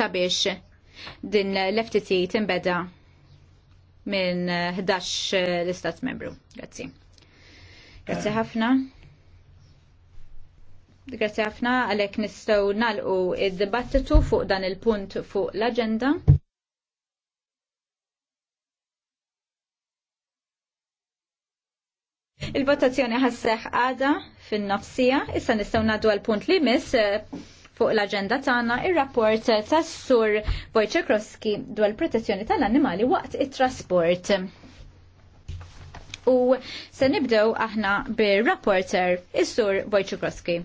sabiex din l-FTT timbeda minn 11 eh, l-istat membru. Grazzi. Grazzi ħafna. Grazzi ħafna għalek nistaw nalqu id-dibattitu fuq dan il-punt fuq l-agenda. Il-votazzjoni ħasseħ għada fin-nofsija, issa nistaw nadu għal-punt li mis eh, fuq l-agenda tagħna ir-rapport tas-sur Wojciechowski dwar protezzjoni tal-annimali waqt it-trasport. U se nibdew aħna bir-rapporter is-sur Wojciechowski.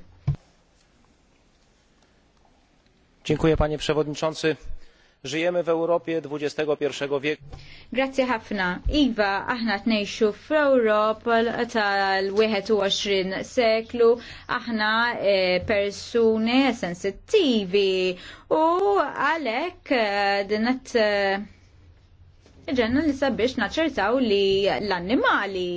Dziękuję panie przewodniczący. Żyjemy w Europie XXI wieku. Grazzi ħafna. Iva, aħna tnejxu f'Ewropa tal-21 seklu, aħna e, persuni sensittivi u għalek e, dinat e, ġenna li sabiex naċertaw li l-annimali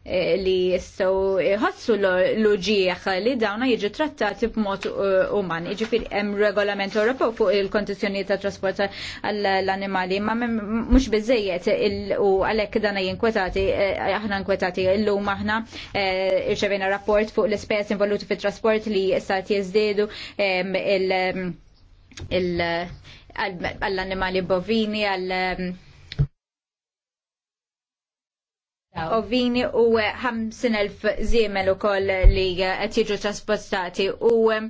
Eh, li jistaw jħossu l-uġieħ li dawna jiġu trattati b'mod eh, uman. Jiġifieri hemm regolament Ewropew fuq il-kondizzjoni ta' trasport għall-annimali, ma mhux bizzejiet u għalhekk dana jinkwetati, eh, aħna nkwetati llum aħna irċevina rapport fuq l-ispejjeż involuti fit-trasport li jistat jizdedu il- għall-annimali bovini, għall vini u 50.000 eh, ziemel u koll li għet eh, jiġu traspostati u eh,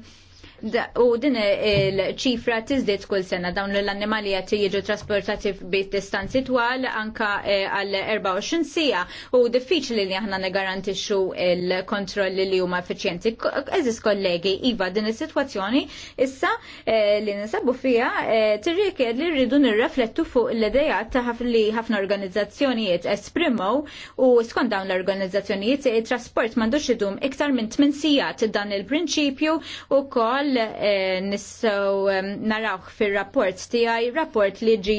u din il-ċifra tiżdiet kull sena dawn l-annimali qed jiġu trasportati bit distanzi twal anka e, għal 24 sija u diffiċli li aħna negarantixxu il-kontrolli li huma effiċjenti. Eżis kollegi, iva din is-sitwazzjoni issa e, li nisabu fija e, tirrikjed li rridu nirreflettu fuq l-idejat ta' li ħafna organizzazzjonijiet esprimow u skont dawn l-organizzazzjonijiet it-trasport m'għandux idum iktar minn 8 sijat dan il-prinċipju u koll ukoll eh, nistgħu narawh fir-rapport tiegħi, rapport li ġi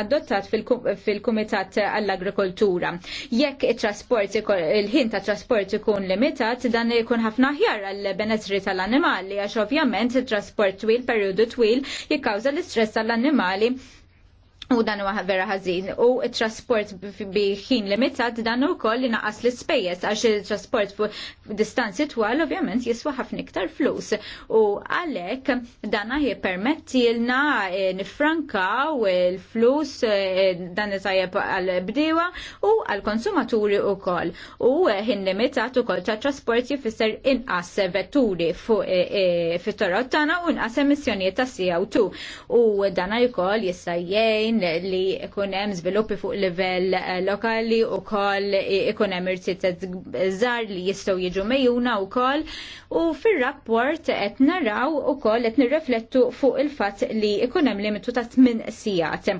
adottat fil-Kumitat għall-Agrikoltura. Jekk it-trasport il-ħin ta' trasport ikun limitat, dan ikun ħafna aħjar għall-benessri tal-annimali għax ovvjament it-trasport twil, perjodu twil, jikkawża l-istress tal-annimali U dan huwa vera ħażin. U t trasport bi ħin limitat dan ukoll li naqas l-ispejjeż għax it-trasport fuq distanzi twal ovvjament jiswa ħafna iktar flus. U għalhekk dan jippermettilna eh, nifrankaw il-flus eh, dan itajjeb għall-bdiewa u għall-konsumaturi ukoll. U eh, ħin limitat ukoll ta' trasport jifisser inqas vetturi fuq fit-torot tagħna u inqas emissjonijiet ta' CO2. U dan ukoll jista' jgħin li ikunem hemm żviluppi fuq livell eh, lokali u koll ikun hemm irtiet żgħar li jistgħu jiġu mejjuna wkoll u fir-rapport qed naraw ukoll qed nirreflettu fuq il-fatt li ikunem hemm limitu ta' tmien sijat.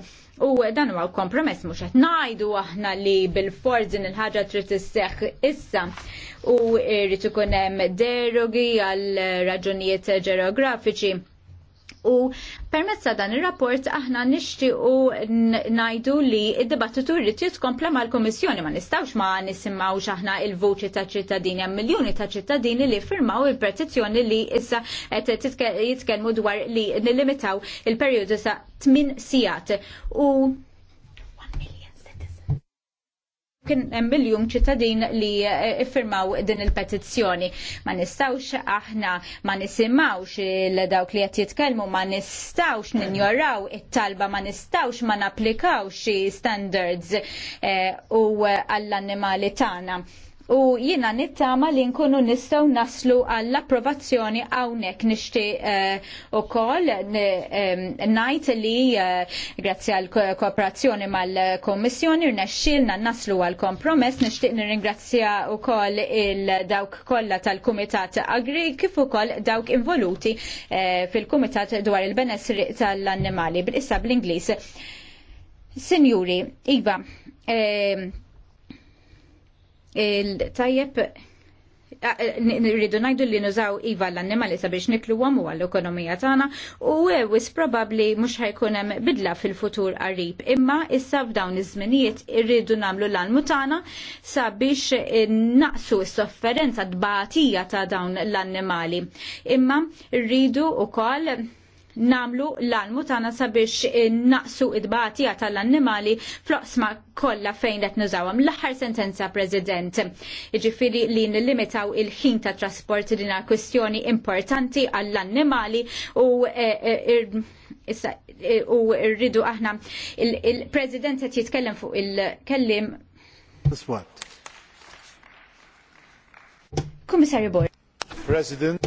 U dan huwa kompromess mhux qed ngħidu aħna li bil-forz din il-ħaġa trid isseħħ issa u rrid ikun hemm derogi għal raġunijiet ġeografiċi U permezz ta' dan ir-rapport aħna nixtiequ ngħidu li id-dibattitu rrid jitkompla mal-Kummissjoni ma nistgħux ma nisimgħux aħna il-voċi ta' ċittadini hemm miljuni ta' ċittadini li firmaw il-petizzjoni li issa qed jitkellmu dwar li nilimitaw il-perjodu sa' tmien sijat. U kien hemm miljum ċittadin li eh, iffirmaw din il-petizzjoni. Ma nistawx aħna ma nisimawx il dawk li qed jitkellmu, ma nistawx ninjoraw it-talba, ma nistawx ma napplikawx standards eh, u eh, għall-annimali tagħna u jiena nittama li nkunu nistgħu naslu għall-approvazzjoni hawnhekk nixtieq eh, ukoll ngħid li eh, grazzi għall kooperazzjoni mal-Kommissjoni rnexxielna naslu għall kompromess nixtieq nirringrazzja wkoll il-dawk kollha tal-Kumitat Agri kif ukoll dawk involuti eh, fil-Kumitat dwar il-benessri tal-annimali bil-issa bl-Ingliż. Sinjuri, Iva, eh, il-tajjeb rridu najdu li nużaw iva l-annimali sabiex niklu għamu għall-ekonomija tagħna u wis probabli mhux ħajkun hemm bidla fil-futur qarib. Imma issa f'dawn iż-żminijiet irridu nagħmlu l-almu tagħna sabiex eh, naqsu s-sofferenza tbatija ta' dawn l-annimali. Imma rridu wkoll namlu l-almu tagħna sabiex naqsu id-batija tal-annimali floqsma kollha fejn qed nużawhom. L-aħħar sentenza President. Jiġifieri li nillimitaw il-ħin ta' trasport din kwestjoni importanti għall-annimali u e, e, e, u rridu aħna il-President qed jitkellem fuq il-kellim. Kummissarju Borg. President.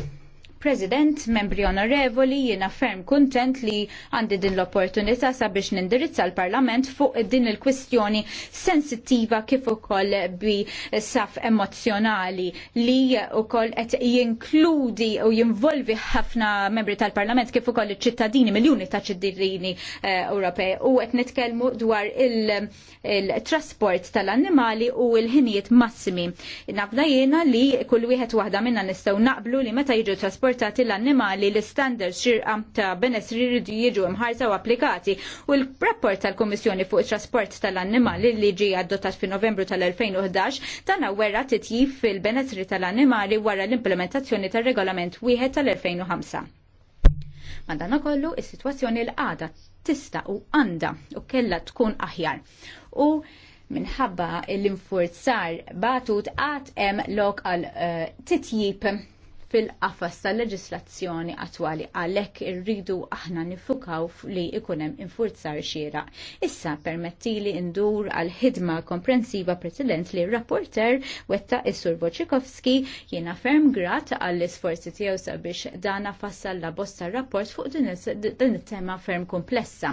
President, membri onorevoli, jiena ferm kuntent li għandi din l-opportunità sabiex nindirizza l-Parlament fuq din il-kwistjoni sensittiva kif ukoll bi saf emozjonali li ukoll qed jinkludi u jinvolvi ħafna membri tal-Parlament kif ukoll iċ-ċittadini, miljuni ta' ċittadini eh, Ewropej u qed nitkellmu dwar il-trasport tal-annimali u l-ħinijiet massimi. Nabda jiena li kull wieħed waħda minna nistgħu naqblu li meta jiġu trasport importati l-annimali l standards xirqa ta' benessri jridu jiġu imħarsa u applikati u l-rapport tal-Komissjoni fuq trasport tal-annimali li ġi għaddotat fi novembru tal-2011 tana wera titjib fil-benessri tal-annimali wara l-implementazzjoni tal-regolament wieħed tal-2005. Madana kollu, is-situazzjoni l-għada tista' u għanda u kella tkun aħjar. U minħabba l-infurzar batut għat em lokal uh, eh, titjib fil-qafas tal-leġislazzjoni attwali għalhekk irridu aħna nifukaw li ikunem infurzar xira. Issa permettili indur għal ħidma komprensiva president li rapporter wetta is-Sur Boċikowski jiena ferm grat għall isforzi tiegħu sabiex dana fassal la bosta rapport fuq din it-tema ferm komplessa.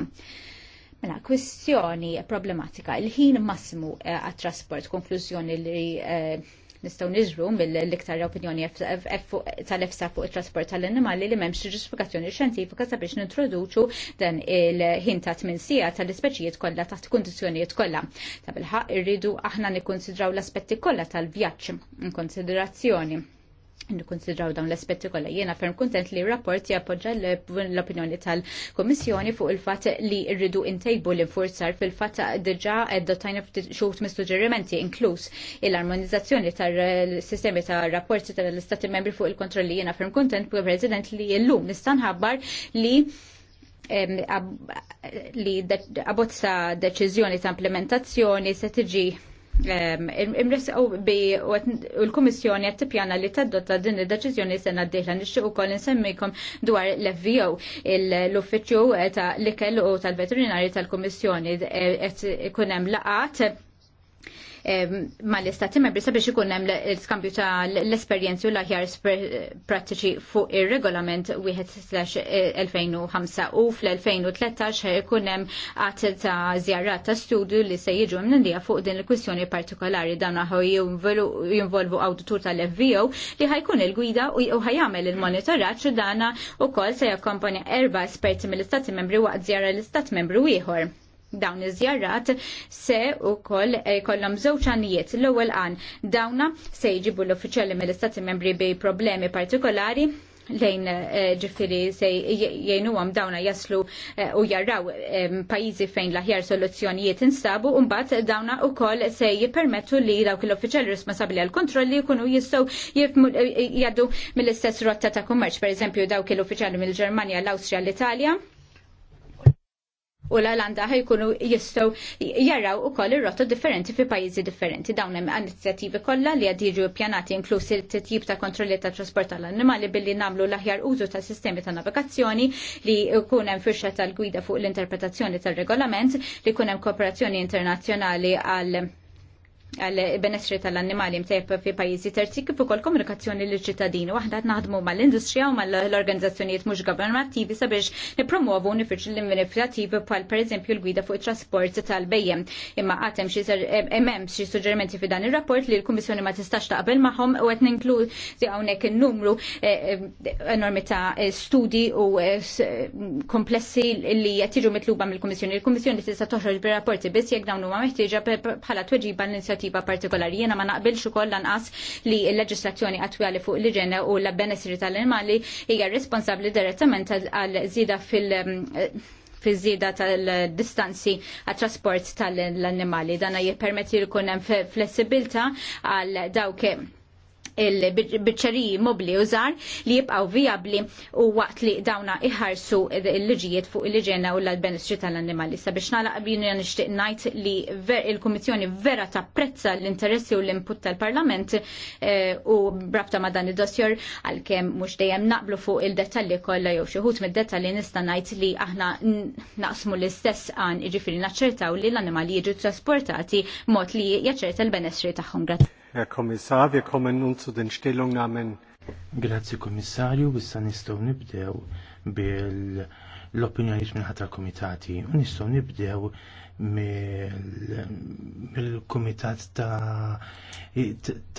Mela, kwistjoni problematika, il-ħin massimu eh, għat-trasport, konklużjoni li eh, nistgħu nizru mill-iktar opinjoni tal-efsa fuq it-trasport tal-annimali li m'hemmx ġustifikazzjoni xjentifika sabiex nintroduċu dan il-ħin ta' tmien sija tal-ispeċijiet kollha taħt kundizzjonijiet kollha. Ta' bil irridu aħna nikkonsidraw l-aspetti kollha tal-vjaġġ in konsiderazzjoni konsidraw dawn l-aspetti kollha. Jiena ferm kuntent li r-rapport jappoġġa l-opinjoni tal-Kummissjoni fuq il-fatt li rridu intejbu l-infurzar fil-fatt diġà adottajna xogħol mis-suġġerimenti inkluż l-armonizzazzjoni tar-sistemi tar rapporti tal-Istati membri fuq il-kontrolli. Jiena ferm kuntent President li llum nista' nħabbar li li abbozza deċiżjoni ta' implementazzjoni se tiġi Imresqaw bi u l-Kummissjoni qed tippjana li tadotta din id-deċiżjoni sena d-dieħla u ukoll nsemmikom dwar l-FVO l-Uffiċċju ta' l-ikel u tal-Veterinari tal-Kummissjoni qed ikun hemm laqat mal-istati membri sabiex ikun hemm l-skambju ta' l-esperjenzi u l-aħjar prattiċi fuq ir-regolament 1/2005 eh, u fl-2013 ikun hemm qatt ta' żjarat ta' studju li se jiġu mnindija fuq din il-kwistjoni partikolari dan aħu jinvolvu awditur tal-FVO li ħajkun il-gwida u ħajamel il monitoraċ u dana u kol se jakkompanja erba' esperti mill-istati membri waqt żjara l-istat membru ieħor dawn iż-żjarat se wkoll jkollhom eh, żewġ għanijiet. L-ewwel għan dawna se jġibu l-uffiċjali mill-istati membri bi problemi partikolari lejn eh, ġifiri se jgħinuhom għam dawna jaslu eh, u jarraw pajizi fejn laħjar soluzzjonijiet instabu un bat dawna u koll se jipermettu li dawk l-uffiċjali responsabli għal kontrolli jkunu jistgħu jaddu mill-istess rotta ta' kummerċ, per eżempju dawk l-uffiċjali mill-Ġermanja, l-Austria, l-Italja u l-Alanda ħajkunu jistow jarraw u koll rotta differenti fi pajizi differenti. Dawn hemm inizjattivi kollha li għad pjanati inklusi t-tip ta' kontrolli ta' trasport tal-annimali billi namlu l-aħjar użu ta' sistemi ta' navigazzjoni li kun hemm firxa tal-gwida fuq l-interpretazzjoni tal-regolament li kun hemm kooperazzjoni internazzjonali għal għal benessri tal-annimali mtejb fi pajizi terzi kif ukoll komunikazzjoni l ċittadini waħda qed naħdmu mal-industrija u mal-organizzazzjonijiet mhux governattivi sabiex nippromuovu nifirġu l-inventivativi bħal pereżempju l-gwida fuq it-trasport tal-bejjem. Imma qatt hemm xi hemm xi suġġerimenti fi dan ir-rapport li l-Kummissjoni ma tistax taqbel magħhom u qed ninkludi hawnhekk in-numru eh, eh, enormi ta' studi u eh, komplessi li qed jiġu mitluba mill-Kummissjoni. Il-Kummissjoni tista' toħroġ bir-rapporti biss jekk dawn huma meħtieġa bħala tweġiba l leġislattiva partikolari. Jena ma naqbilx ukoll lanqas li l-leġislazzjoni attwali fuq l-iġena u l-benessri tal-animali hija responsabbli direttament għal żida fil- fi tal-distanzi għat trasport tal-annimali. Dana jippermetti li kunem flessibilta għal dawk il-biċċeriji mobli u żgħar li jibqgħu vijabbli u waqt li dawna iħarsu l-liġijiet fuq il-liġena u l-benestri tal-annimali. Sabiex nagħlaq binu nixtieq ngħid li il-Kummissjoni vera tapprezza l-interessi u l-input tal-Parlament eh, u brabta ma dan id-dossier għalkemm mhux dejjem naqblu fuq il-dettalji kollha jew xi ħut mid-dettalji nista' ngħid li aħna naqsmu l-istess għan iġifiri naċċertaw li l-animali jiġu trasportati mod li jaċċerta l benestri tagħhom. Herr Kommissar. Wir kommen nun zu den Stellungnahmen. Grazie Kommissarju, issa nistgħu nibdew bil l opinjoni minn ħatra komitati. U nistgħu nibdew mill-Kumitat ta'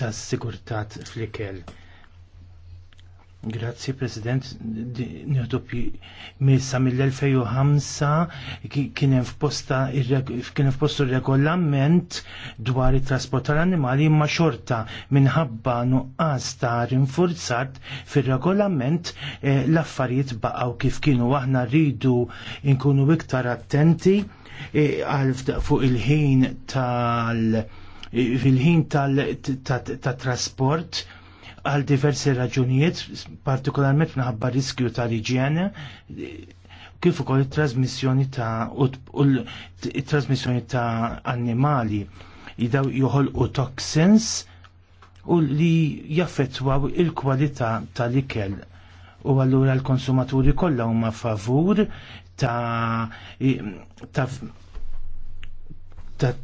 ta' Sigurtat fl-Ikel. Grazzi President, nieħdu missa mill-2005 kien hemm f'postu regolament dwar it-trasport tal-annimali imma xorta minħabba nuqqas ta' rinforzat fir-regolament l-affarijiet baqgħu kif kienu aħna rridu nkunu iktar attenti għal fuq il-ħin tal fil-ħin tal-trasport għal diversi raġunijiet, partikolarment minħabba riskju tal-iġjene, kif ukoll it-trasmissjoni ta' it-trasmissjoni ta' annimali jidaw joħolqu toxins u li jaffettwaw il-kwalità tal-ikel. U allura l-konsumaturi kollha huma favur ta', ta E-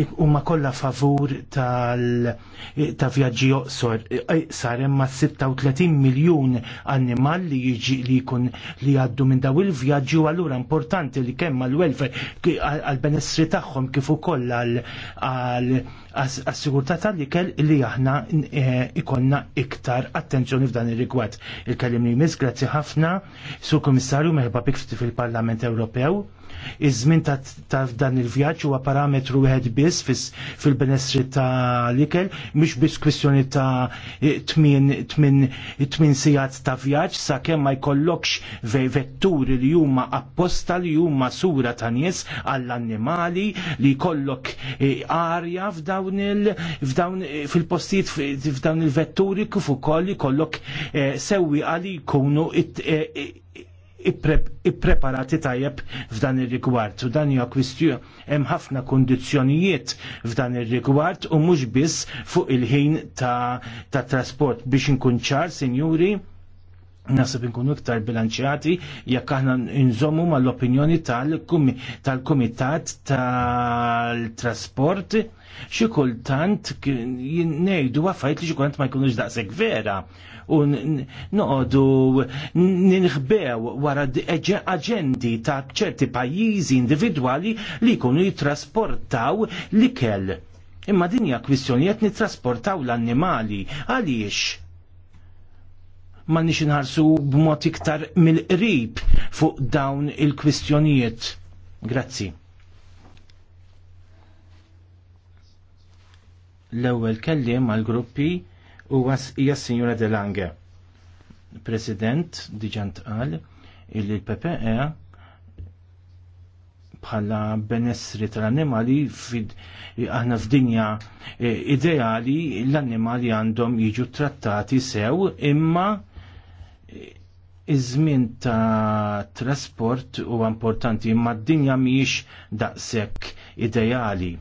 e- huma kollha favur tal e- ta' vjaġġi oqsor. Sar imma 36 miljun annimal li jiġi li jkun li għaddu minn daw il-vjaġġi u allura importanti li kemm għal-welfare għal-benessri tagħhom kif ukoll għal-sigurtà tal-ikel li aħna ikonna iktar attenzjoni f'dan ir-rigward. Il-kellim li jmiss, grazzi ħafna, Sur Komissarju meħba bik fil-Parlament Ewropew Iż-żmien ta' dan il-vjaġġ huwa parametru wieħed biss fil-benessri ta' l-ikel, mhux biss kwistjoni ta' tmien sigħat ta' vjaġġ sakemm ma jkollokx vetturi li huma apposta li huma sura ta' nies għall-annimali li jkollok e, arja f'dawn il-fdawn e, fil-postijiet il-vetturi kif ukoll jkollok e, sewwi għali jkunu ippreparati tajjeb f'dan ir-rigward. U dan hija kwistju hemm ħafna kundizzjonijiet f'dan ir-rigward u mhux biss fuq il-ħin ta', ta trasport biex inkun ċar, sinjuri, nasib inkunu iktar bilanċjati jekk aħna nżommu mal-opinjoni tal-Kumitat tal-Trasport xi kultant ngħidu affarijiet li xi kultant ma jkunux daqshekk vera u noqogħdu ninħbew wara aġendi ta' ċerti pajjiżi individwali li jkunu jitrasportaw l-ikel. Imma din hija kwistjoni qed nittrasportaw l-annimali għaliex ma nix nħarsu b'mod iktar mill-qrib fuq dawn il-kwistjonijiet. Grazzi. L-ewwel kelliem għal gruppi u hija s-Sinjura De Lange. President diġant qal illi l-PPE bħala benessri tal-annimali aħna f'dinja e, ideali l-annimali għandhom jiġu trattati sew imma iż-żmien ta' trasport huwa importanti imma d-dinja mhijiex daqshekk ideali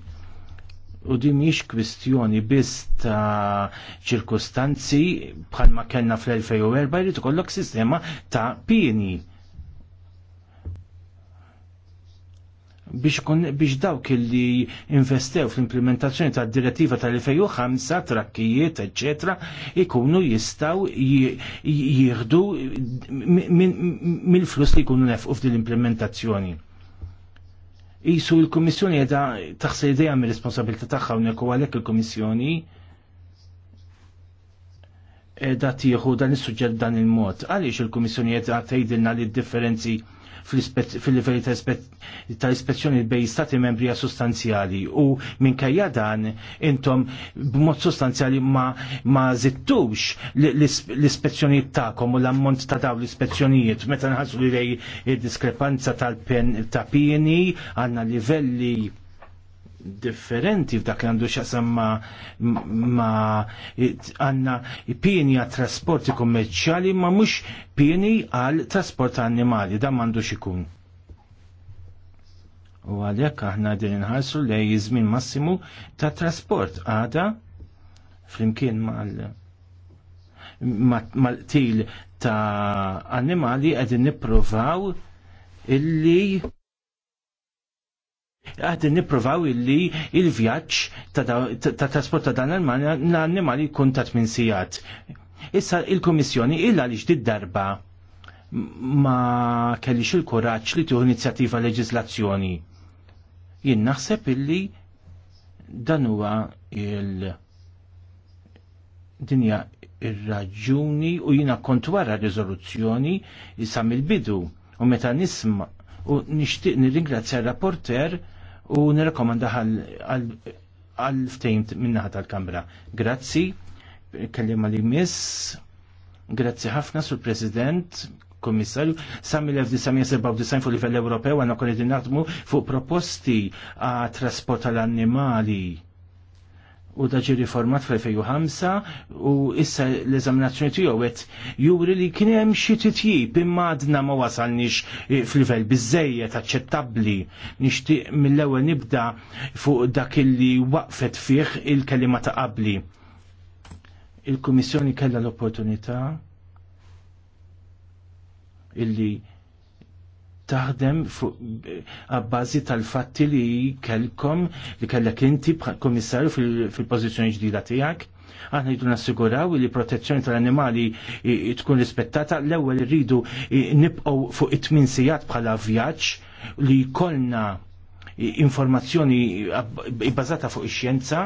U din miex kwistjoni biss ta' ċirkustanzi bħalma kellna fl-2004 li tkollok sistema ta' pieni. biex, dawk li investew fl-implementazzjoni ta' direttiva tal-2005, trakkijiet, ecc., ikunu jistaw jieħdu mill-flus li jkunu nefqu f'din l-implementazzjoni. Isu l-Komissjoni għedha taħseb idea mir responsabilità tagħha hawnhekk u għalhekk il-Komissjoni qiegħda tieħu dan is-suġġett dan il-mod. Għaliex il-Kummissjoni qed tgħidilna li d-differenzi fil livelli ta' ispezzjoni bej stati membri sostanzjali u minkejja dan intom b'mod sostanzjali ma, ma zittux l-ispezzjonijiet ta'kom u l-ammont ta' daw l-ispezzjonijiet meta nħassu li lej diskrepanza tal-pieni għanna livelli differenti f'dak li għandu xaqsam ma, ma għanna pieni għal trasporti kommerċjali ma mux pieni għal trasport animali, da mandu xikun. U għalek aħna din nħarsu li jizmin massimu ta' trasport għada flimkien mal mal-til ta' animali għedin niprofaw illi għadin niprovaw illi il-vjaċ ta' trasport ta' dan l-animali kun ta' 8 sijat. Issa il-Komissjoni illa li ġdid darba ma kellix il-kuraċ li tuħu inizjattiva leġislazzjoni. Jien naħseb illi dan huwa il- dinja ir-raġuni u jina kont wara riżoluzzjoni jisam mill-bidu u meta nisma' u nixtieq nirringrazzja il rapporter u nirrekomanda għal-ftejn minnaħat tal-Kamra. Grazzi, kellima li miss, grazzi ħafna sur President, Kommissarju, sa mill-1997 fuq livell Ewropew għanna kolli naħdmu fuq proposti għat trasport għal annimali u daġi riformat fl-2005 u issa l-eżaminazzjoni tiegħu qed juri li kien hemm xi titjib imma għadna ma wasalniex e, f'livell biżejjed aċċettabbli. Nixtieq mill-ewwel nibda fuq dak li waqfet fih il-kelima ta' qabli. Il-Kummissjoni kellha l-opportunità illi taħdem fuq eh, għabbażi tal-fatti li kellkom li kellek inti komissarju fil-pożizzjoni ġdida tiegħek. Aħna jidu nassiguraw li protezzjoni tal-animali tkun rispettata l-ewwel irridu nibqgħu fuq it-tmin sigħat bħala vjaġġ li jkollna informazzjoni bbażata fuq ix-xjenza.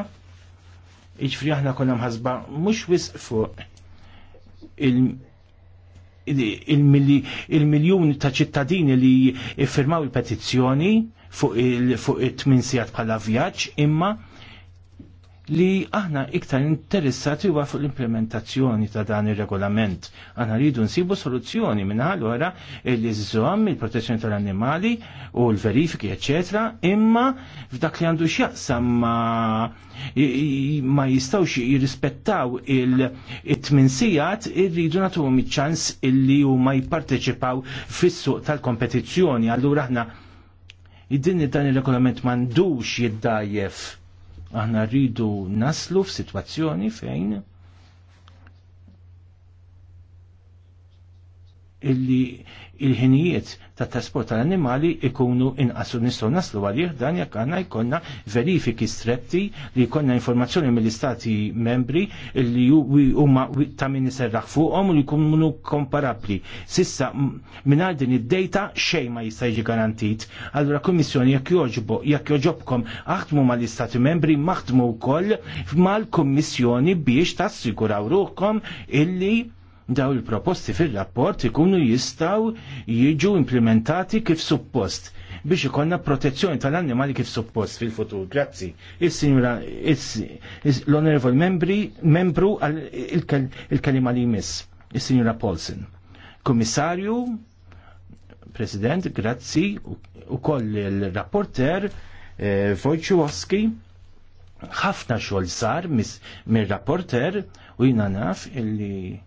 Jiġifieri aħna konna mħasba mhux wisq fuq il- il-miljoni ta' ċittadini li jiffirmaw il-petizzjoni fuq il tminsijat bħala vjaġġ imma li aħna iktar interessati huwa fuq l-implementazzjoni ta' dan ir-regolament. Aħna rridu nsibu soluzzjoni minn allura li żżomm il-protezzjoni tal-annimali u l-verifiki eċetera, imma f'dak li għandu x'jaqsam ma, ma jistgħux jirrispettaw it tminsijat irridu nagħtuhom iċ-ċans illi huma jipparteċipaw fis-suq tal-kompetizzjoni. Allura aħna id-din dan ir regolament m'għandux jiddajjef Aħna rridu naslu f'sitwazzjoni fejn illi il-ħinijiet ta' trasport tal-animali ikunu inqasu nistgħu naslu għalih dan jekk għandna jkollna verifiki stretti li jkollna informazzjoni mill-istati membri li huma ta' min iserraħ fuqhom u li jkunu komparabbli. Sissa mingħajr din id-dejta xejn ma jista' jiġi garantit. Allura kummissjoni jekk joġbu jekk joġobkom aħdmu mal-istati membri maħdmu wkoll mal-kummissjoni biex tassiguraw ruhkom illi daw il-proposti fil-rapport ikunu jistaw jiġu implementati kif suppost biex ikonna protezzjoni tal-annimali kif suppost fil-futur. Grazzi. Il-Signora, l-onorevol membru il-kalima li jmiss, is signora Paulsen. Komissarju, President, grazzi, u koll il-rapporter, eh, Wojciechowski, ħafna xol sar mir-rapporter u jina naf illi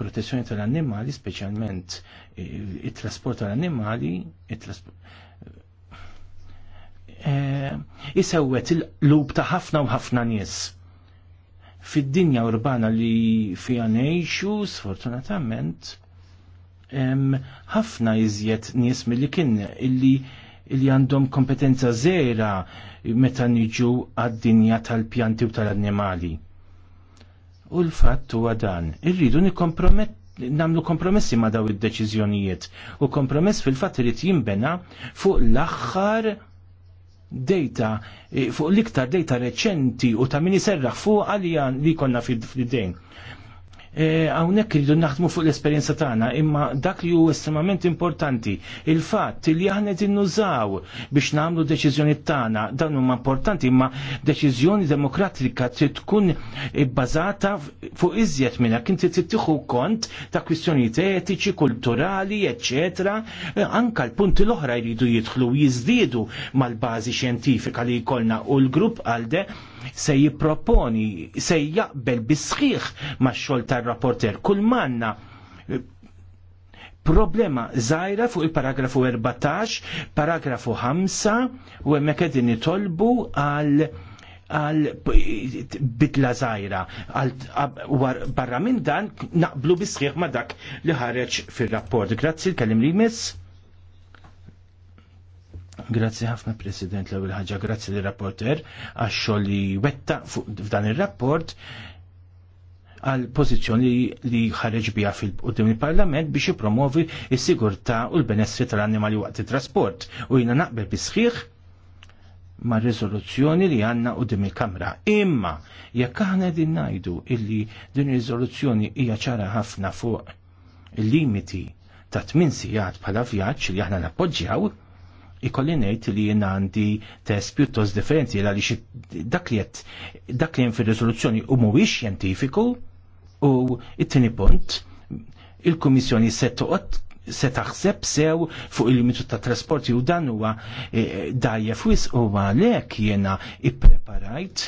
protezzjoni tal-annimali, speċjalment it-trasport tal-annimali, jisewwet eh, il-lub ta' ħafna u ħafna nies. Fid-dinja urbana li fija ngħixu, sfortunatament, ħafna iżjed nies milli kien illi illi għandhom kompetenza zera meta niġu għad-dinja tal-pjanti u tal-annimali U l-fatt huwa dan, irridu nikkompromett namlu kompromessi ma daw id-deċiżjonijiet u kompromess fil-fatt irid jinbena fuq l-aħħar data eh, fuq l-iktar data reċenti u ta' min serraħ fuq għalija li konna fid-dejn. Hawnhekk e, naħdmu fuq l-esperjenza tagħna, imma dak li hu estremament importanti, il-fatt li aħna qed innużaw biex nagħmlu deċiżjoni tagħna, dan huma importanti, imma deċiżjoni demokratika trid tkun bbażata fuq iżjed minn hekk inti trid tieħu kont ta' kwistjonijiet etiċi, kulturali, eċetera, e, anka l-punti l-oħra jridu jidħlu jiżdiedu mal-bażi xjentifika li jkollna u l-grupp għalde se jipproponi, se jaqbel bisħiħ ma' xol tar-rapporter. Kull manna problema zaħira fuq il-paragrafu 14, paragrafu 5, u hemmhekk qegħdin nitolbu għal għal bitla zaħira. Barra minn dan naqblu bisħiħ ma' dak li ħareġ fir rapport Grazzi, l-kellim li jmiss. Grazzi ħafna President l-ewwel ħaġa, grazzi lir-rapporter għax-xogħol li wetta f'dan ir-rapport għal pożizzjoni li ħareġ biha fil-qudiem il-Parlament biex jippromovi s-sigurtà u l-benessri tal-annimali waqt it-trasport u jiena naqbel bisħiħ ma' rizoluzzjoni li għanna u dim il-kamra. Imma, jekk aħna din najdu illi din rizoluzzjoni hija ċara ħafna fuq il-limiti ta' 8 sigħat bħala vjaġġ li aħna nappoġġjaw, ikolli ngħid li jien għandi test pjuttost differenti għaliex dak li qed dak li hemm fir-riżoluzzjoni u mhuwiex xjentifiku u it-tieni punt il-Kummissjoni se toqgħod se taħseb sew fuq il-limitu ta' trasporti u dan huwa eh, dajjef wis u għalhekk jiena ippreparajt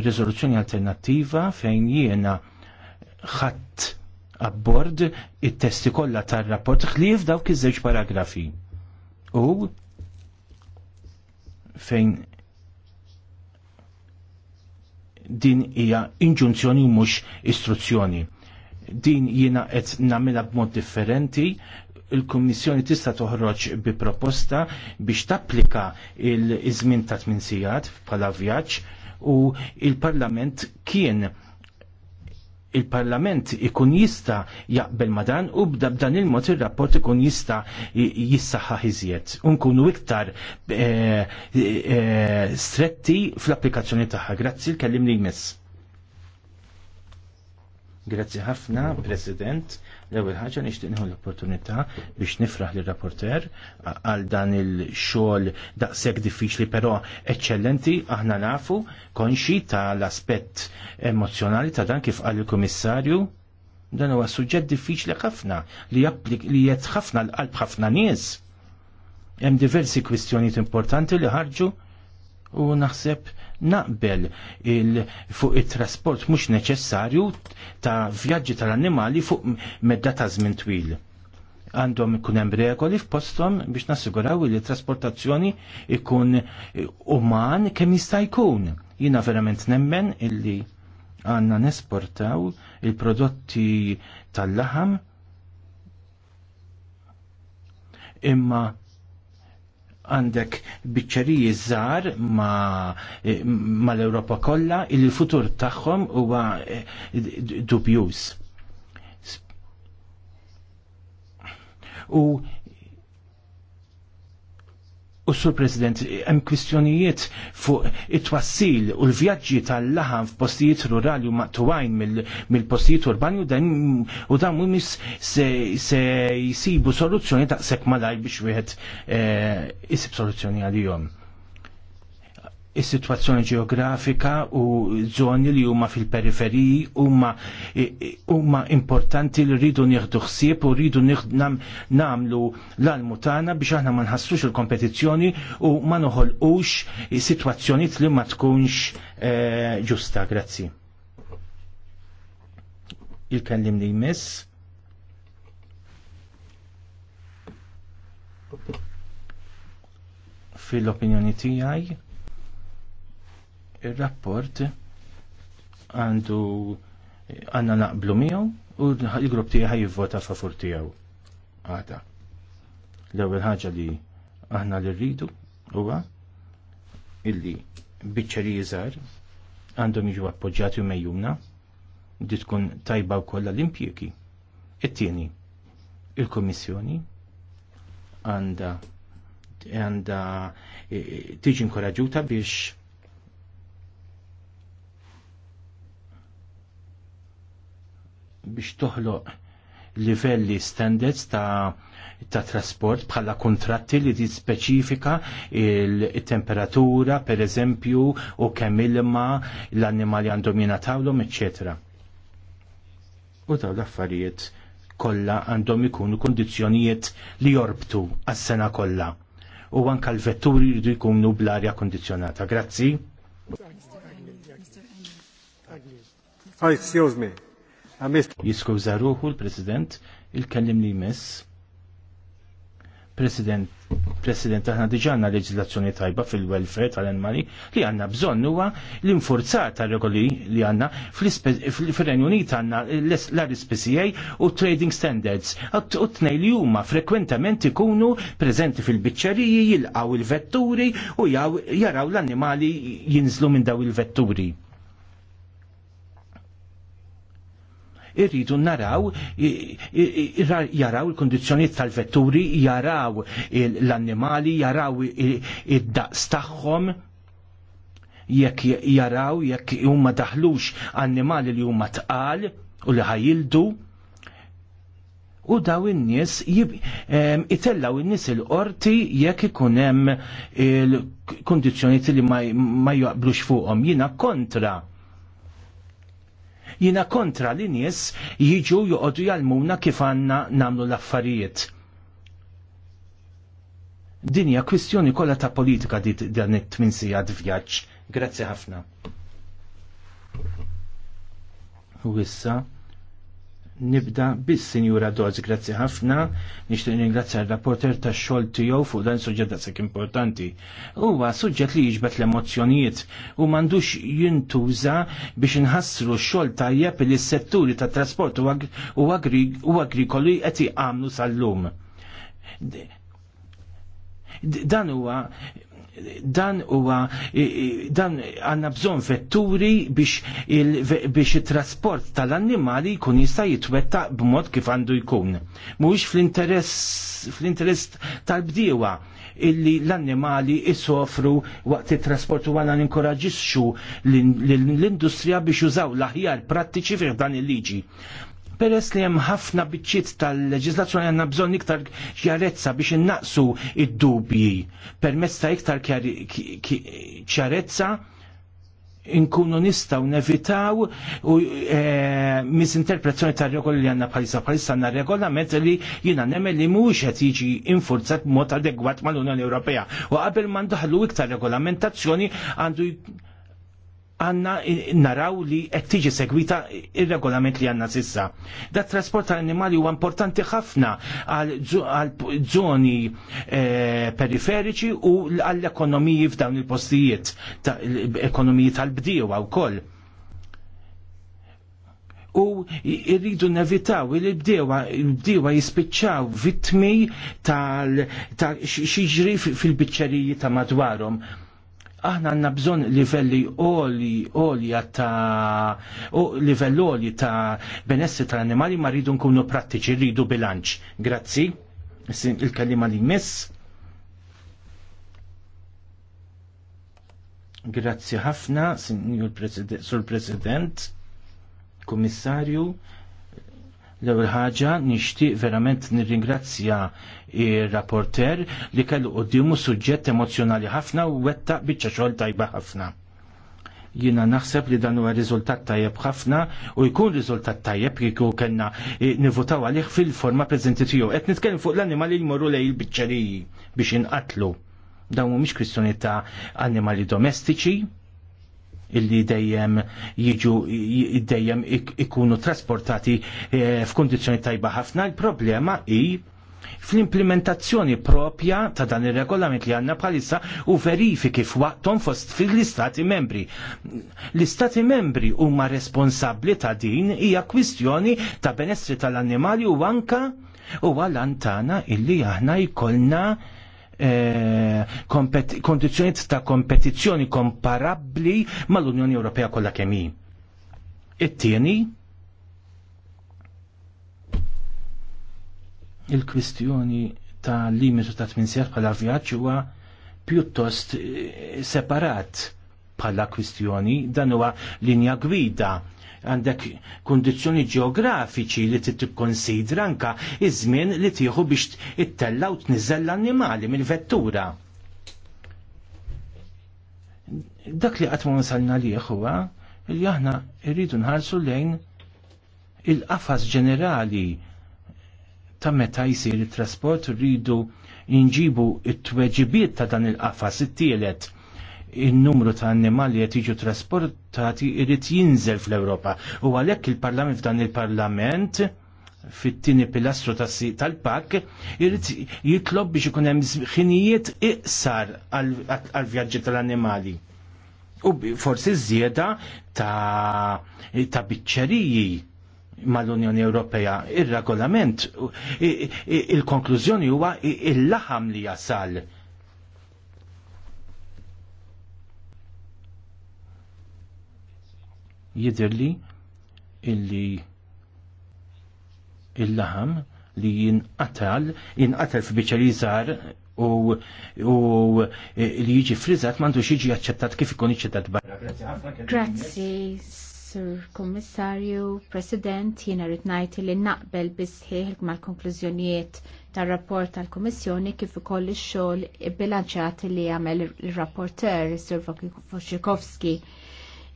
riżoluzzjoni alternattiva fejn jiena ħadd abbord it-testi kollha tar-rapport ħlief dawk iż-żewġ paragrafi. U fejn din hija inġunzjoni u mhux istruzzjoni. Din jiena qed nagħmilha b'mod differenti, il-Kummissjoni tista' toħroġ bi proposta biex tapplika il-żmien ta' tminsijat sigħat bħala vjaġġ u il-Parlament kien il-parlament ikun jista jaqbel madan u b'dan il-mod il-rapport ikun jista jissaħħa iżjed. Unkunu iktar eh, eh, stretti fl-applikazzjoni tagħha. Grazzi l-kellim li jmiss. Grazzi ħafna, President. L-ewwel ħaġa nixtieq nieħu l-opportunità biex nifraħ lir rapporter għal dan il-xogħol daqshekk diffiċli però eċċellenti aħna nafu konxi tal-aspett emozjonali ta' dan kif qal il-Kummissarju dan huwa suġġett diffiċli ħafna li japplik li jett ħafna l-qalb ħafna nies. Hemm diversi kwistjonijiet importanti li ħarġu u naħseb naqbel il fuq it-trasport mhux neċessarju ta' vjaġġi tal-annimali fuq medda ta' żmien twil. Għandhom ikun hemm regoli f'posthom biex nassiguraw li trasportazzjoni ikun uman kemm jista' jkun. Jiena verament nemmen illi għandna nesportaw il-prodotti tal-laħam imma għandek biċċeriji żgħar eh, mal ewropa kollha il-futur tagħhom huwa eh, dubjuż. U U sur President, hemm kwistjonijiet fuq it-twassil u l-vjaġġi tal-laħan f'postijiet rurali u maqtuwajn mill-postijiet urbani u dan u dan mhumiex se jsibu soluzzjoni taqseb malajr biex wieħed eh, isib soluzzjoni għalihom is-sitwazzjoni ġeografika u żoni li huma fil-periferiji huma huma importanti li rridu nieħdu ħsieb u rridu nagħmlu l-almu tagħna biex aħna ma nħassux il-kompetizzjoni u ma noħolqux sitwazzjonijiet li ma tkunx eh, ġusta. Grazzi. Il-kellim li jmiss. fil-opinjoni tiegħi Il-rapport għandu għanna naqblu miegħu u l-grupp tiegħi jivvota favur tiegħu. Għada. L-ewwel ħaġa li aħna li rridu huwa illi biċċeri jiżar għandhom jiġu appoġġjati u mejjuna di tkun tajba wkoll l-impjiegi. It-tieni, il-Kummissjoni għandha għandha e, e, tiġi inkoraġuta biex biex toħloq livelli standards ta' ta' trasport bħala kontratti li di speċifika il-temperatura, per eżempju, u kemm ilma l-annimali għandhom jingħatawhom, eċċetera. U daw l-affarijiet kollha għandhom ikunu kondizzjonijiet li jorbtu għas-sena kollha. U anke l-vetturi jridu jkunu bl-arja kondizzjonata. Grazzi. Oh, excuse me. Jiskuża ruħu l-President il-kellim li jmiss. President, President, aħna diġanna leġislazzjoni tajba fil-welfare tal-enmali li għanna bżon huwa l-infurzar tal regoli li għanna fil-Renju Unit għanna l-RSPCA u Trading Standards. U t li huma frekwentament ikunu prezenti fil-bicċeriji, jilqaw il-vetturi u jaraw l-annimali jinżlu minn daw il-vetturi irridu naraw, jaraw il-kondizjoni tal-vetturi, jaraw l-annimali, jaraw id-daqs tagħhom, jekk jaraw jekk huma daħlux annimali li huma tqal u li ħajildu u daw in-nies itellaw in-nies il-qorti jekk ikun hemm il-kundizzjonijiet li ma jaqblux fuqhom. Jiena kontra Jina kontra li nies jiġu juqodu jalmuna kif għanna namlu l-affarijiet. Dinja kwistjoni kollha ta' politika di dan it-tmin sigħat vjaġġ. Grazzi ħafna. U issa Nibda bis Sinjura Doz, grazzi ħafna, nixtieq ningrazzja r-rapporter tax xogħol tiegħu fuq dan suġġett daqshekk importanti. Huwa suġġett li jiġbed l-emozzjonijiet u m'għandux jintuża biex inħassru x-xogħol tajjeb li s-setturi tat trasport u agrikoli qed għamlu sal-lum dan huwa dan huwa dan għandna bżonn vetturi biex it-trasport tal-annimali jkun jista' jitwettaq b'mod kif għandu jkun. Mhuwiex fl-interess fl-interess tal-bdiewa illi l-annimali isofru waqt it-trasport u għana ninkoraġixxu l-industrija biex użaw l-aħjar prattiċi fih dan il-liġi. Peress li hemm ħafna biċċiet tal-leġislazzjoni għandna bżonn iktar ċarezza biex innaqsu id-dubji. Permezz ta' iktar ċarezza inkunu nistaw nevitaw u e, misinterpretazzjoni ta' regoli li għanna palissa palissa għanna regolament li jina nemmen li mux għet jiġi infurzat mod adegwat mal-Unjoni Ewropea. U qabel ħallu iktar regolamentazzjoni għandu għanna naraw li qed tiġi segwita ir-regolament li għanna sissa. Da trasport tal-animali huwa importanti ħafna għal żoni periferiċi u għall-ekonomiji f'dawn il-postijiet, ekonomiji tal-bdiewa wkoll. U irridu nevitaw li l-bdiewa jispiċċaw vittmi tal-xiġri fil-biċċeriji ta' madwarhom aħna għanna bżon livelli oli, oli ta' livell oli ta' benessi ta' animali ma' rridu nkunu prattiċi, rridu bilanċ. Grazzi, il kallima li jmiss. Grazzi ħafna, Sur President, Kommissarju. L-ewwel ħaġa nixtieq verament nirringrazzja ir-rapporter li kellu quddiemu suġġett emozjonali ħafna u wettaq biċċa xogħol tajba ħafna. Jiena naħseb li dan huwa riżultat tajjeb ħafna u jkun riżultat tajjeb kieku kellna eh, nivutaw għalih fil-forma preżenti tiegħu. Qed nitkellem fuq l-annimali li jmorru lejn il-biċċeriji biex inqatlu. Dawn mhumiex kwistjoni ta' annimali domestiċi, illi dejjem jiġu dejjem ikunu trasportati eh, f'kundizzjoni tajba ħafna. Il-problema hi fl-implementazzjoni propja ta' dan il-regolament li għanna bħalissa u verifiki f'waqthom fost fil-istati membri. L-istati membri huma responsabli ta' din hija kwistjoni ta' benessri tal-annimali u anka u għal-antana illi aħna jkollna Eh, kondizjoniet ta' kompetizzjoni komparabbli mal-Unjoni Ewropea kollha kemm hi. It-tieni il-kwistjoni ta' limitu ta' 8 sijat bħala vjaġġ huwa pjuttost eh, separat bħala kwistjoni dan huwa linja gwida għandek kundizzjoni ġeografiċi li tikkonsidra anka iż-żmien li tieħu biex ittella u t-nizzella annimali mill-vettura. Dak li qatt ma wasalna jħuwa, li aħna rridu nħarsu lejn il-qafas ġenerali ta' meta jsir it-trasport rridu nġibu it-tweġibiet ta' dan il-qafas it-tielet il-numru ta' annimali qed jiġu trasportati irid jinżel fl-Ewropa. U għalhekk il-Parlament f'dan il-Parlament fit-tieni pilastru tal-pak irid jitlob biex ikun hemm ħinijiet iqsar għal vjaġġi tal-annimali. U forsi żieda ta' ta' biċċeriji mal-Unjoni Ewropea. Ir-regolament, il-konklużjoni huwa il-laħam li jasal jidirli illi il-laħam li jinqatal, jinqatal f'biċa li żgħar u, li jiġi frizzat m'għandux jiġi jaċċettat kif ikun iċċettat barra. Grazzi, Sur Kommissarju, President, jina rrid li naqbel bisħieħ mal-konklużjonijiet tar-rapport tal-Kummissjoni kif ukoll ix-xogħol bilanċjat li għamel ir-rapporter Sur Wojciechowski